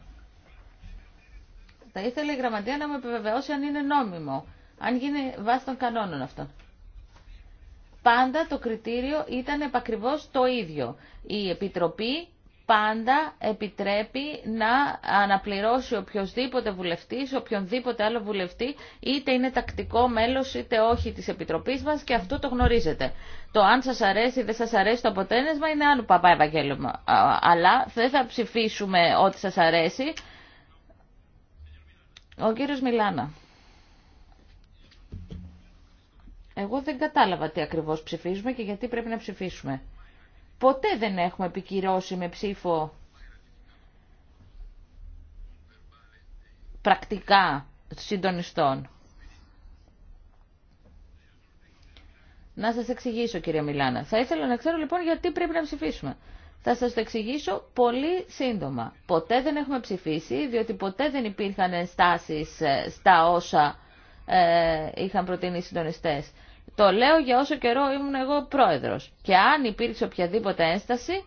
θα ήθελε η Γραμματεία να μου επιβεβαιώσει αν είναι νόμιμο, αν γίνει βάσει των κανόνων αυτό, Πάντα το κριτήριο ήταν επακριβώς το ίδιο. Η Επιτροπή πάντα επιτρέπει να αναπληρώσει οποιοδήποτε βουλευτής, οποιονδήποτε άλλο βουλευτή, είτε είναι τακτικό μέλος είτε όχι της Επιτροπής μας και αυτό το γνωρίζετε. Το αν σας αρέσει ή δεν σας αρέσει το αποτέλεσμα είναι άλλο παπά Ευαγγέλωμα. Αλλά δεν θα ψηφίσουμε ό,τι σας αρέσει. Ο κύριος Μιλάνα. Εγώ δεν κατάλαβα τι ακριβώς ψηφίζουμε και γιατί πρέπει να ψηφίσουμε. Ποτέ δεν έχουμε επικυρώσει με ψήφο πρακτικά συντονιστών. Να σας εξηγήσω κύριε Μιλάνα. Θα ήθελα να ξέρω λοιπόν γιατί πρέπει να ψηφίσουμε. Θα σας το εξηγήσω πολύ σύντομα. Ποτέ δεν έχουμε ψηφίσει, διότι ποτέ δεν υπήρχαν ενστάσεις ε, στα όσα ε, είχαν προτείνει οι συντονιστές. Το λέω για όσο καιρό ήμουν εγώ πρόεδρος. Και αν υπήρξε οποιαδήποτε ένσταση,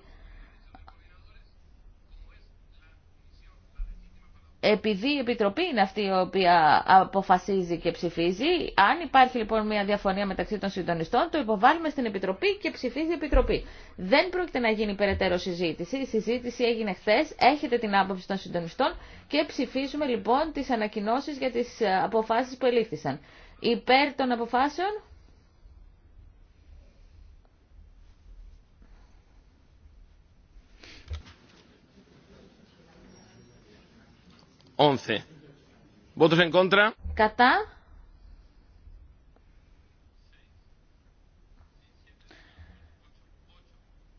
επειδή η Επιτροπή είναι αυτή η οποία αποφασίζει και ψηφίζει, αν υπάρχει λοιπόν μια διαφωνία μεταξύ των συντονιστών, το υποβάλλουμε στην Επιτροπή και ψηφίζει η Επιτροπή. Δεν πρόκειται να γίνει περαιτέρω συζήτηση. Η συζήτηση έγινε χθε, έχετε την άποψη των συντονιστών και ψηφίζουμε λοιπόν τις ανακοινώσει για τις ε, αποφάσεις που ελήφθησαν. Υπέρ των αποφάσεων. 11. ¿Votos en contra? Κατά.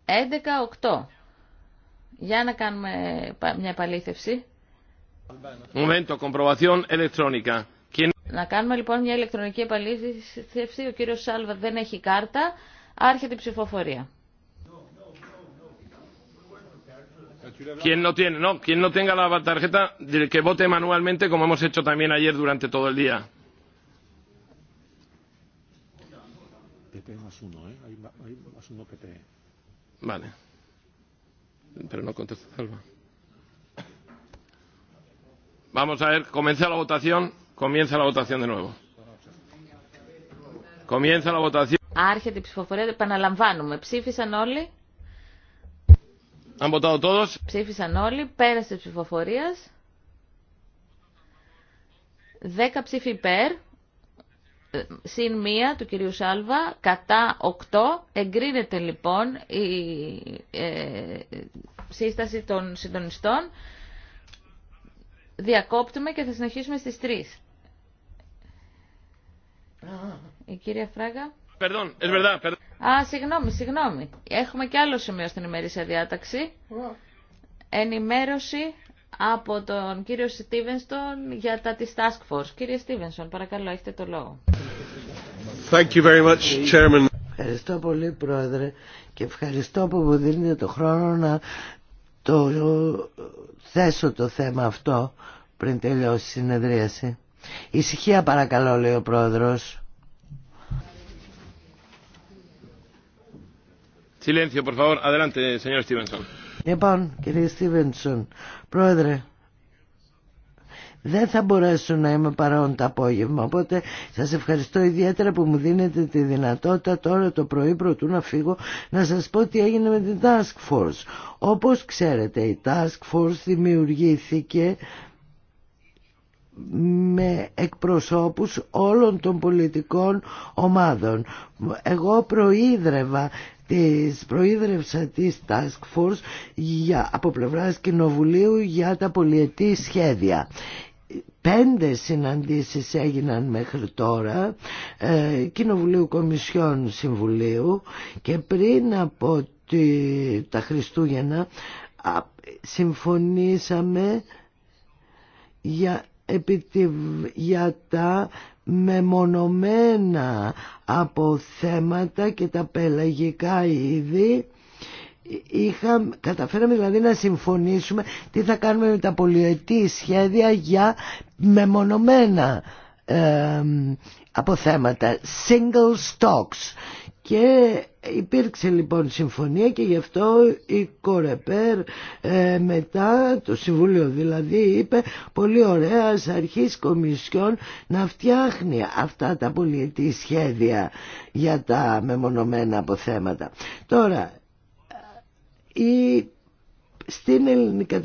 Έντεκα οκτώ. Για να κάνουμε μια επαλήθευση. Momento, comprobación electrónica. Να κάνουμε λοιπόν μια ηλεκτρονική επαλήθευση. Ο κύριος Σάλβα δεν έχει κάρτα. Άρχεται η ψηφοφορία. quien no tiene no quien no tenga la tarjeta que vote manualmente como hemos hecho también ayer durante todo el día vale pero no contesta Salva vamos a ver comienza la votación comienza la votación de nuevo comienza la votación Άρχεται η ψηφοφορία, επαναλαμβάνουμε. Ψήφισαν όλοι. Ψήφισαν όλοι, πέρασε τη ψηφοφορία. Δέκα ψήφοι υπέρ, συν μία του κυρίου Σάλβα, κατά οκτώ. Εγκρίνεται λοιπόν η ε, σύσταση των συντονιστών. Διακόπτουμε και θα συνεχίσουμε στις τρεις. Η κυρία Φράγα. Perdón, Α, συγγνώμη, συγγνώμη. Έχουμε και άλλο σημείο στην ημερήσια διάταξη. Ενημέρωση από τον κύριο Στίβενστον για τα της Task Force. Κύριε Στίβενστον, παρακαλώ, έχετε το λόγο. Thank you very much, Chairman. Ευχαριστώ πολύ, Πρόεδρε, και ευχαριστώ που μου δίνετε το χρόνο να το θέσω το θέμα αυτό πριν τελειώσει η συνεδρίαση. Ησυχία παρακαλώ λέει ο πρόεδρος Silencio, por favor. Λοιπόν, κύριε Στίβενσον, πρόεδρε, δεν θα μπορέσω να είμαι παρόν το απόγευμα, οπότε σας ευχαριστώ ιδιαίτερα που μου δίνετε τη δυνατότητα τώρα το πρωί πρωτού να φύγω να σας πω τι έγινε με την Task Force. Όπως ξέρετε, η Task Force δημιουργήθηκε με εκπροσώπους όλων των πολιτικών ομάδων. Εγώ προείδρευα της προείδρευσα της Task Force για, από πλευράς Κοινοβουλίου για τα πολιετή σχέδια. Πέντε συναντήσεις έγιναν μέχρι τώρα ε, Κοινοβουλίου Κομισιών Συμβουλίου και πριν από τη, τα Χριστούγεννα α, συμφωνήσαμε για για τα μεμονωμένα από και τα πελαγικά είδη είχα, καταφέραμε δηλαδή να συμφωνήσουμε τι θα κάνουμε με τα πολυετή σχέδια για μεμονωμένα ε, αποθέματα, αποθεματα single stocks και υπήρξε λοιπόν συμφωνία και γι' αυτό η Κορεπέρ ε, μετά το Συμβούλιο δηλαδή είπε πολύ ωραία ας αρχής Κομισιόν να φτιάχνει αυτά τα πολιετή σχέδια για τα μεμονωμένα αποθέματα. Τώρα η, στην ελληνική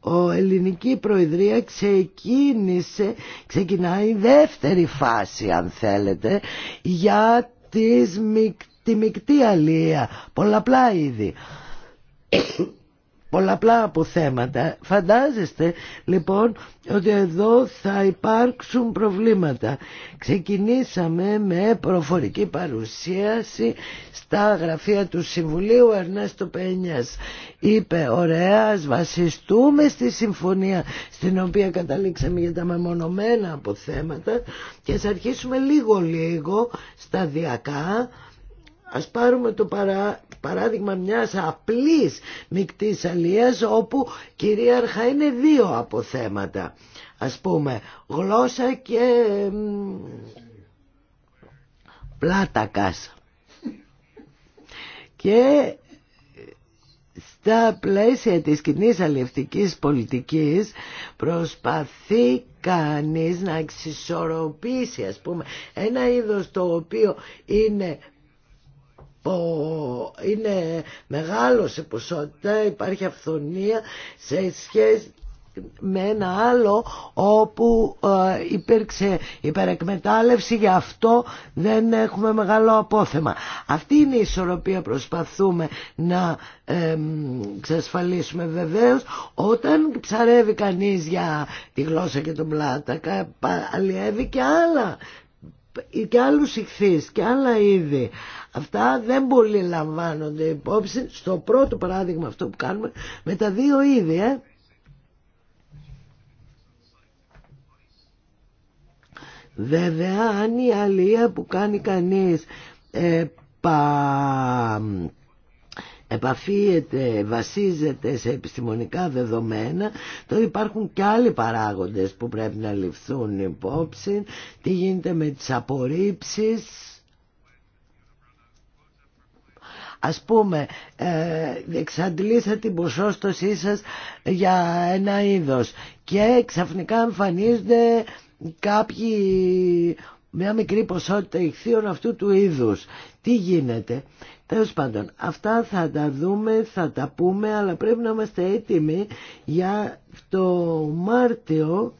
ο ελληνική προεδρία ξεκίνησε, ξεκινάει η δεύτερη φάση αν θέλετε για τις, τη μεικτή αλία, πολλαπλά είδη πολλαπλά αποθέματα. Φαντάζεστε λοιπόν ότι εδώ θα υπάρξουν προβλήματα. Ξεκινήσαμε με προφορική παρουσίαση στα γραφεία του Συμβουλίου. Ο Ερνέστο Πένιας είπε ωραία βασιστούμε στη συμφωνία στην οποία καταλήξαμε για τα μεμονωμένα θέματα και ας αρχίσουμε λίγο λίγο σταδιακά ας πάρουμε το παρά, παράδειγμα μιας απλής μικτής αλίας όπου κυρίαρχα είναι δύο αποθέματα. Ας πούμε γλώσσα και πλάτακας Και στα πλαίσια της κοινή αλληλευτικής πολιτικής προσπαθεί κανείς να εξισορροπήσει ας πούμε ένα είδος το οποίο είναι είναι μεγάλο σε ποσότητα, υπάρχει αυθονία σε σχέση με ένα άλλο όπου ε, υπήρξε υπερεκμετάλλευση γι' αυτό δεν έχουμε μεγάλο απόθεμα αυτή είναι η ισορροπία προσπαθούμε να εξασφαλίσουμε βεβαίως όταν ψαρεύει κανείς για τη γλώσσα και τον πλάτα αλλιεύει και άλλα και άλλους ηχθείς και άλλα είδη. Αυτά δεν πολύ λαμβάνονται υπόψη στο πρώτο παράδειγμα αυτό που κάνουμε με τα δύο είδη. Ε. Βέβαια αν η αλία που κάνει κανείς ε, επαφίεται, βασίζεται σε επιστημονικά δεδομένα, το υπάρχουν και άλλοι παράγοντες που πρέπει να ληφθούν υπόψη, τι γίνεται με τις απορρίψεις, Ας πούμε, ε, εξαντλήσατε την ποσόστοσή σας για ένα είδος και ξαφνικά εμφανίζονται κάποιοι, μια μικρή ποσότητα ηχθείων αυτού του είδους. Τι γίνεται. Τέλο πάντων, αυτά θα τα δούμε, θα τα πούμε, αλλά πρέπει να είμαστε έτοιμοι για το Μάρτιο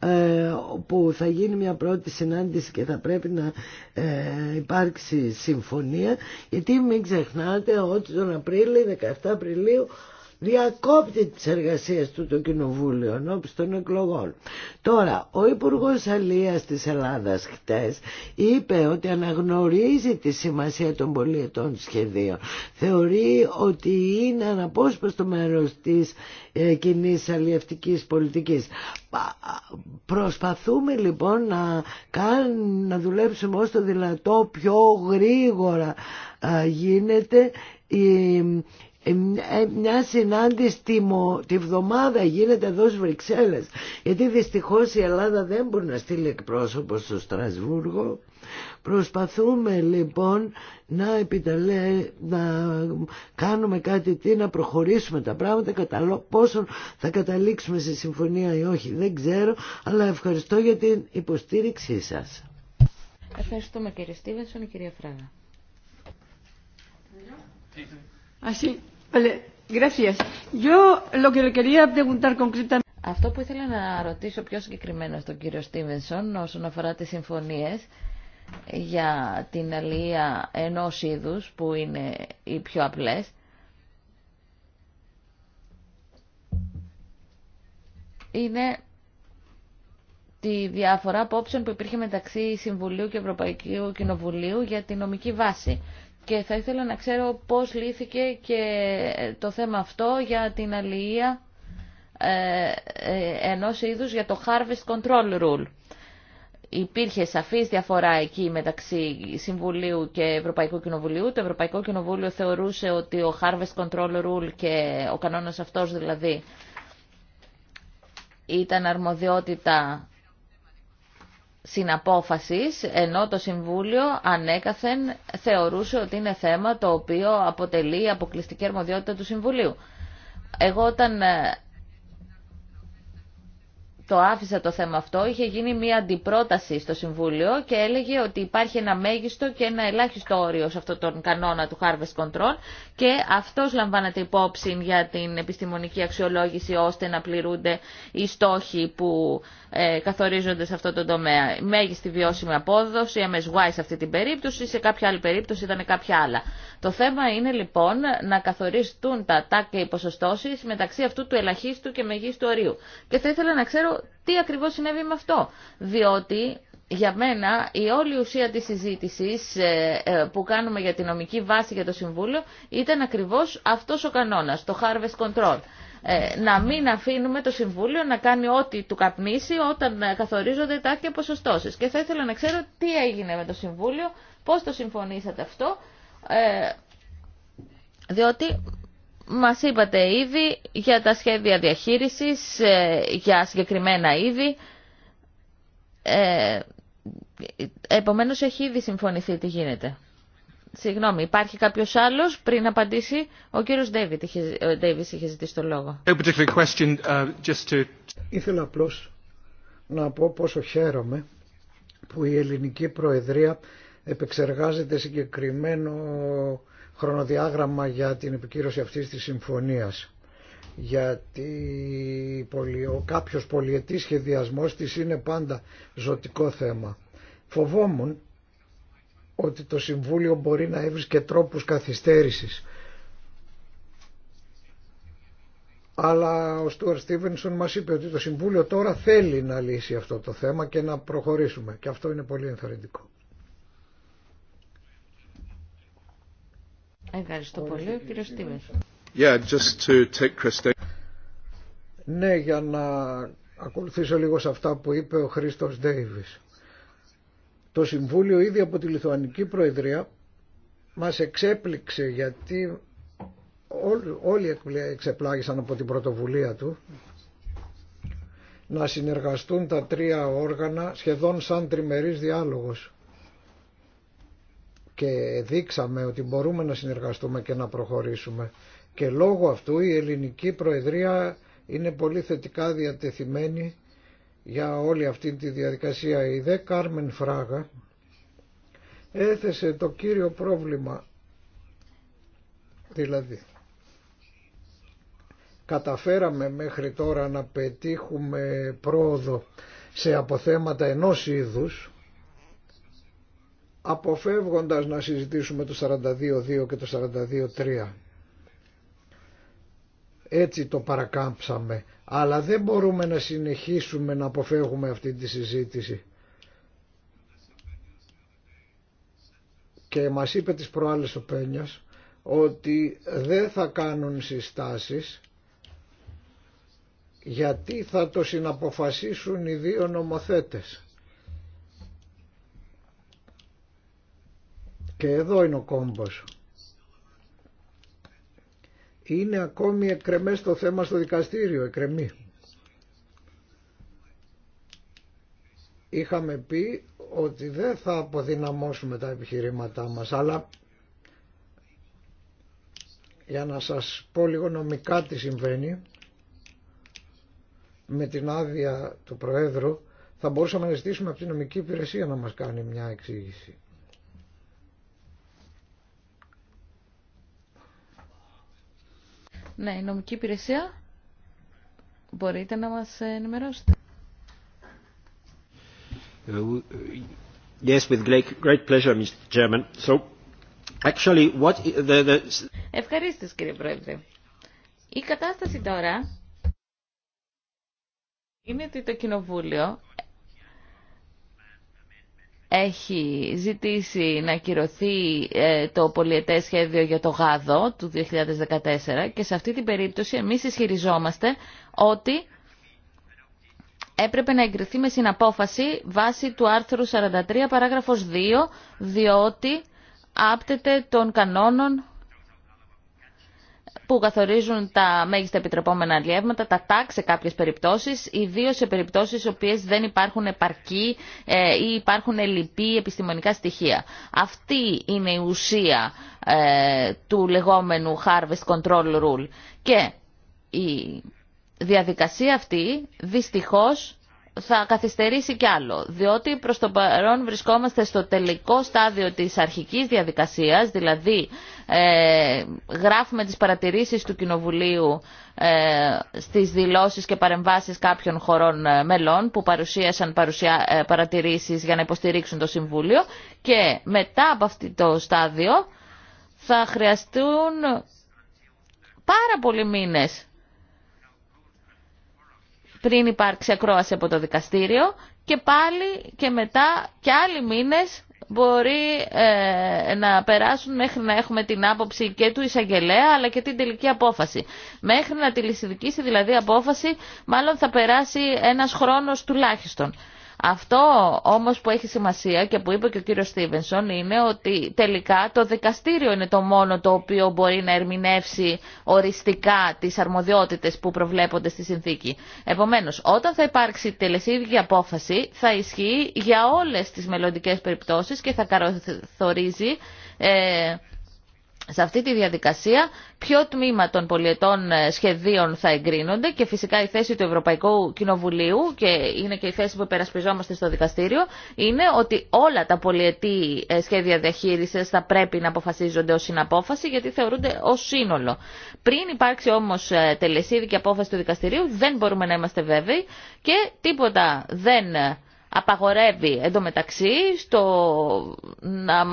ε, που θα γίνει μια πρώτη συνάντηση και θα πρέπει να ε, υπάρξει συμφωνία γιατί μην ξεχνάτε ότι τον Απρίλιο, 17 Απριλίου διακόπτει τις εργασίες του το Κοινοβούλιο ενώπιση των εκλογών. Τώρα, ο Υπουργός Αλίας της Ελλάδας χτες είπε ότι αναγνωρίζει τη σημασία των πολιετών σχεδίων. Θεωρεί ότι είναι αναπόσπαστο μέρος της ε, κοινή αλλιευτικής πολιτικής. Προσπαθούμε λοιπόν να, να δουλέψουμε όσο το δυνατό πιο γρήγορα γίνεται μια συνάντηση τη, τη βδομάδα γίνεται εδώ στις Βρυξέλλες γιατί δυστυχώς η Ελλάδα δεν μπορεί να στείλει εκπρόσωπο στο Στρασβούργο προσπαθούμε λοιπόν να επιταλέ, να κάνουμε κάτι τι να προχωρήσουμε τα πράγματα κατά πόσο θα καταλήξουμε σε συμφωνία ή όχι δεν ξέρω αλλά ευχαριστώ για την υποστήριξή σας Ευχαριστούμε κύριε Στίβενσον και κυρία Φράγα. Αυτό που ήθελα να ρωτήσω πιο συγκεκριμένα στον κύριο Στίβενσον όσον αφορά τις συμφωνίες για την αλληλεία ενός είδου, που είναι οι πιο απλές είναι τη διαφορά απόψεων που υπήρχε μεταξύ Συμβουλίου και Ευρωπαϊκού Κοινοβουλίου για τη νομική βάση και θα ήθελα να ξέρω πώς λύθηκε και το θέμα αυτό για την αλληλεία ε, ε, ενός είδους για το Harvest Control Rule. Υπήρχε σαφής διαφορά εκεί μεταξύ Συμβουλίου και Ευρωπαϊκού Κοινοβουλίου. Το Ευρωπαϊκό Κοινοβούλιο θεωρούσε ότι ο Harvest Control Rule και ο κανόνας αυτός δηλαδή ήταν αρμοδιότητα συναπόφασης, ενώ το Συμβούλιο ανέκαθεν θεωρούσε ότι είναι θέμα το οποίο αποτελεί αποκλειστική αρμοδιότητα του Συμβουλίου. Εγώ όταν ε, το άφησα το θέμα αυτό, είχε γίνει μια αντιπρόταση στο Συμβούλιο και έλεγε ότι υπάρχει ένα μέγιστο και ένα ελάχιστο όριο σε αυτόν τον κανόνα του Harvest Control και αυτός λαμβάνεται υπόψη για την επιστημονική αξιολόγηση ώστε να πληρούνται οι στόχοι που ε, καθορίζονται σε αυτό το τομέα. μέγιστη βιώσιμη απόδοση, MSY σε αυτή την περίπτωση, σε κάποια άλλη περίπτωση ήταν κάποια άλλα. Το θέμα είναι λοιπόν να καθοριστούν τα τάκ και οι ποσοστώσεις μεταξύ αυτού του ελαχίστου και μεγίστου ορίου. Και θα ήθελα να ξέρω τι ακριβώς συνέβη με αυτό. Διότι για μένα η όλη ουσία της συζήτησης ε, ε, που κάνουμε για τη νομική βάση για το Συμβούλιο ήταν ακριβώς αυτός ο κανόνας, το harvest control. Ε, να μην αφήνουμε το Συμβούλιο να κάνει ό,τι του καπνίσει όταν καθορίζονται και ποσοστώσεις. Και θα ήθελα να ξέρω τι έγινε με το Συμβούλιο, πώς το συμφωνήσατε αυτό, διότι μας είπατε ήδη για τα σχέδια διαχείρισης, ε, για συγκεκριμένα είδη. Ε, επομένως έχει ήδη συμφωνηθεί τι γίνεται. Συγγνώμη, υπάρχει κάποιος άλλος πριν απαντήσει. Ο κύριος Ντέιβις είχε, είχε ζητήσει το λόγο. Question, uh, to... Ήθελα απλώς να πω πόσο χαίρομαι που η ελληνική προεδρία επεξεργάζεται συγκεκριμένο χρονοδιάγραμμα για την επικύρωση αυτής της συμφωνίας γιατί ο κάποιος πολιετής σχεδιασμός της είναι πάντα ζωτικό θέμα. Φοβόμουν ότι το Συμβούλιο μπορεί να έβρισκε τρόπους καθυστέρησης. Αλλά ο Στουαρ Στίβενσον μας είπε ότι το Συμβούλιο τώρα θέλει να λύσει αυτό το θέμα και να προχωρήσουμε. Και αυτό είναι πολύ ενθαρρυντικό. Ευχαριστώ πολύ, ο κύριος Yeah, ναι, για να ακολουθήσω λίγο σε αυτά που είπε ο Χρήστος Ντέιβις. Το Συμβούλιο ήδη από τη Λιθουανική Προεδρία μας εξέπληξε γιατί όλοι εξεπλάγησαν από την πρωτοβουλία του να συνεργαστούν τα τρία όργανα σχεδόν σαν τριμερής διάλογος και δείξαμε ότι μπορούμε να συνεργαστούμε και να προχωρήσουμε. Και λόγω αυτού η ελληνική προεδρία είναι πολύ θετικά διατεθειμένη για όλη αυτή τη διαδικασία. Η δε Κάρμεν Φράγα έθεσε το κύριο πρόβλημα, δηλαδή καταφέραμε μέχρι τώρα να πετύχουμε πρόοδο σε αποθέματα ενός είδους αποφεύγοντας να συζητήσουμε το 42.2 και το 42.3. Έτσι το παρακάμψαμε, αλλά δεν μπορούμε να συνεχίσουμε να αποφεύγουμε αυτή τη συζήτηση. Και μας είπε τις προάλλες ο Πένιας ότι δεν θα κάνουν συστάσεις γιατί θα το συναποφασίσουν οι δύο νομοθέτες. Και εδώ είναι ο κόμπος. Είναι ακόμη εκκρεμές το θέμα στο δικαστήριο, εκκρεμή. Είχαμε πει ότι δεν θα αποδυναμώσουμε τα επιχειρήματά μας, αλλά για να σας πω λίγο νομικά τι συμβαίνει, με την άδεια του Προέδρου θα μπορούσαμε να ζητήσουμε από την νομική υπηρεσία να μας κάνει μια εξήγηση. Ναι, η νομική υπηρεσία. Μπορείτε να μας ενημερώσετε. Ε, yes, with great pleasure, Mr. Chairman. So, actually, what the, the... κύριε Πρόεδρε. Η κατάσταση τώρα είναι ότι το Κοινοβούλιο έχει ζητήσει να κυρωθεί ε, το πολιετές σχέδιο για το γάδο του 2014 και σε αυτή την περίπτωση εμείς ισχυριζόμαστε ότι έπρεπε να εγκριθεί με συναπόφαση βάσει του άρθρου 43 παράγραφος 2 διότι άπτεται των κανόνων που καθορίζουν τα μέγιστα επιτρεπόμενα αλλιεύματα, τα τάξ σε κάποιες περιπτώσεις, ιδίω σε περιπτώσεις οι οποίες δεν υπάρχουν επαρκή ε, ή υπάρχουν λυπή επιστημονικά στοιχεία. Αυτή είναι η ουσία ε, του λεγόμενου Harvest Control Rule. Και η διαδικασία αυτή δυστυχώς θα καθυστερήσει κι άλλο, διότι προς το παρόν βρισκόμαστε στο τελικό στάδιο της αρχικής διαδικασίας, δηλαδή ε, γράφουμε τις παρατηρήσεις του Κοινοβουλίου ε, στις δηλώσεις και παρεμβάσεις κάποιων χωρών ε, μελών που παρουσίασαν παρουσια, ε, παρατηρήσεις για να υποστηρίξουν το Συμβούλιο και μετά από αυτό το στάδιο θα χρειαστούν πάρα πολλοί μήνες πριν υπάρξει ακρόαση από το δικαστήριο και πάλι και μετά και άλλοι μήνες μπορεί ε, να περάσουν μέχρι να έχουμε την άποψη και του εισαγγελέα αλλά και την τελική απόφαση. Μέχρι να τη λησιδικήσει δηλαδή απόφαση μάλλον θα περάσει ένας χρόνος τουλάχιστον. Αυτό όμως που έχει σημασία και που είπε και ο κύριος Στίβενσον είναι ότι τελικά το δικαστήριο είναι το μόνο το οποίο μπορεί να ερμηνεύσει οριστικά τις αρμοδιότητες που προβλέπονται στη συνθήκη. Επομένως, όταν θα υπάρξει τελεσίδικη απόφαση θα ισχύει για όλες τις μελλοντικέ περιπτώσεις και θα καθορίζει ε, σε αυτή τη διαδικασία ποιο τμήμα των πολιετών ε, σχεδίων θα εγκρίνονται και φυσικά η θέση του Ευρωπαϊκού Κοινοβουλίου και είναι και η θέση που υπερασπιζόμαστε στο δικαστήριο είναι ότι όλα τα πολιετή ε, σχέδια διαχείρισης θα πρέπει να αποφασίζονται ως συναπόφαση γιατί θεωρούνται ως σύνολο. Πριν υπάρξει όμως ε, τελεσίδικη απόφαση του δικαστηρίου δεν μπορούμε να είμαστε βέβαιοι και τίποτα δεν απαγορεύει εντωμεταξύ στο να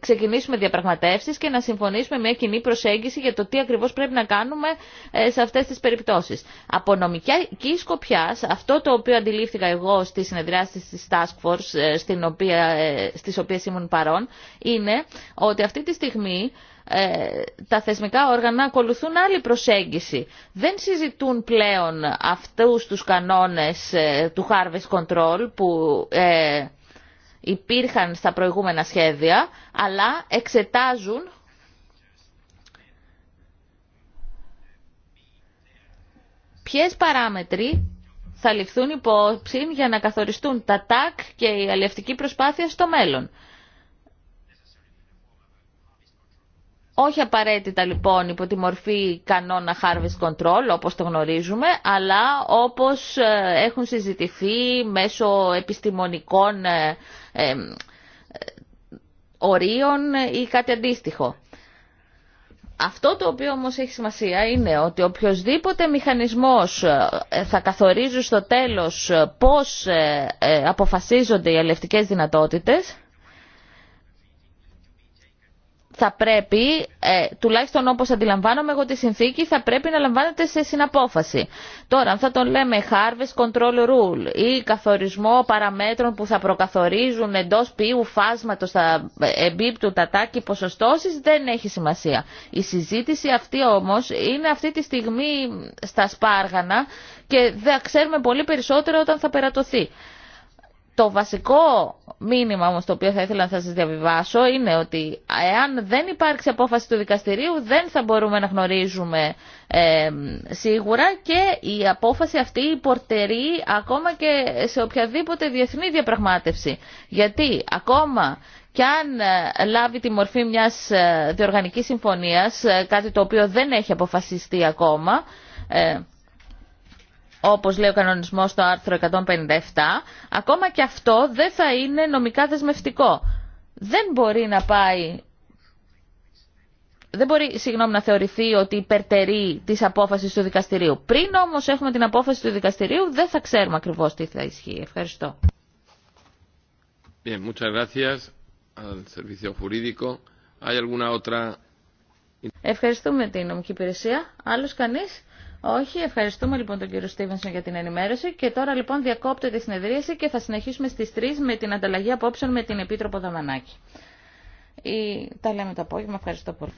ξεκινήσουμε διαπραγματεύσεις και να συμφωνήσουμε μια κοινή προσέγγιση για το τι ακριβώς πρέπει να κάνουμε ε, σε αυτές τις περιπτώσεις. Από νομική σκοπιά, αυτό το οποίο αντιλήφθηκα εγώ στη συνεδριάση της Task Force ε, στην οποία, ε, στις οποίες ήμουν παρόν, είναι ότι αυτή τη στιγμή ε, τα θεσμικά όργανα ακολουθούν άλλη προσέγγιση. Δεν συζητούν πλέον αυτούς τους κανόνες ε, του harvest control που ε, υπήρχαν στα προηγούμενα σχέδια, αλλά εξετάζουν ποιες παράμετροι θα ληφθούν υπόψη για να καθοριστούν τα τάκ και η αλληλευτική προσπάθεια στο μέλλον. όχι απαραίτητα λοιπόν υπό τη μορφή κανόνα harvest control όπως το γνωρίζουμε, αλλά όπως ε, έχουν συζητηθεί μέσω επιστημονικών ε, ε, ορίων ή κάτι αντίστοιχο. Αυτό το οποίο όμως έχει σημασία είναι ότι οποιοδήποτε μηχανισμός θα καθορίζει στο τέλος πώς αποφασίζονται οι αλευτικές δυνατότητες θα πρέπει, ε, τουλάχιστον όπως αντιλαμβάνομαι εγώ τη συνθήκη, θα πρέπει να λαμβάνεται σε συναπόφαση. Τώρα, αν θα τον λέμε harvest control rule ή καθορισμό παραμέτρων που θα προκαθορίζουν εντός ποιού φάσματος θα εμπίπτουν τα τάκη ποσοστώσεις, δεν έχει σημασία. Η συζήτηση αυτή όμως είναι αυτή τη στιγμή στα σπάργανα και δεν ξέρουμε πολύ περισσότερο όταν θα περατωθεί. Το βασικό μήνυμα όμως το οποίο θα ήθελα να σας διαβιβάσω είναι ότι εάν δεν υπάρξει απόφαση του δικαστηρίου δεν θα μπορούμε να γνωρίζουμε ε, σίγουρα και η απόφαση αυτή υπορτερεί ακόμα και σε οποιαδήποτε διεθνή διαπραγμάτευση. Γιατί ακόμα και αν ε, λάβει τη μορφή μιας ε, διοργανικής συμφωνίας, κάτι το οποίο δεν έχει αποφασιστεί ακόμα, όπως λέει ο κανονισμός στο άρθρο 157, ακόμα και αυτό δεν θα είναι νομικά δεσμευτικό. Δεν μπορεί να πάει... Δεν μπορεί, συγγνώμη, να θεωρηθεί ότι υπερτερεί τη απόφαση του δικαστηρίου. Πριν όμω έχουμε την απόφαση του δικαστηρίου, δεν θα ξέρουμε ακριβώ τι θα ισχύει. Ευχαριστώ. Bien, muchas gracias al servicio jurídico. ¿Hay alguna otra... Ευχαριστούμε την νομική υπηρεσία. Άλλος κανείς? Όχι, ευχαριστούμε λοιπόν τον κύριο Στίβενσον για την ενημέρωση και τώρα λοιπόν διακόπτεται η συνεδρίαση και θα συνεχίσουμε στις 3 με την ανταλλαγή απόψεων με την Επίτροπο Δαμανάκη. Τα λέμε το απόγευμα. Ευχαριστώ πολύ.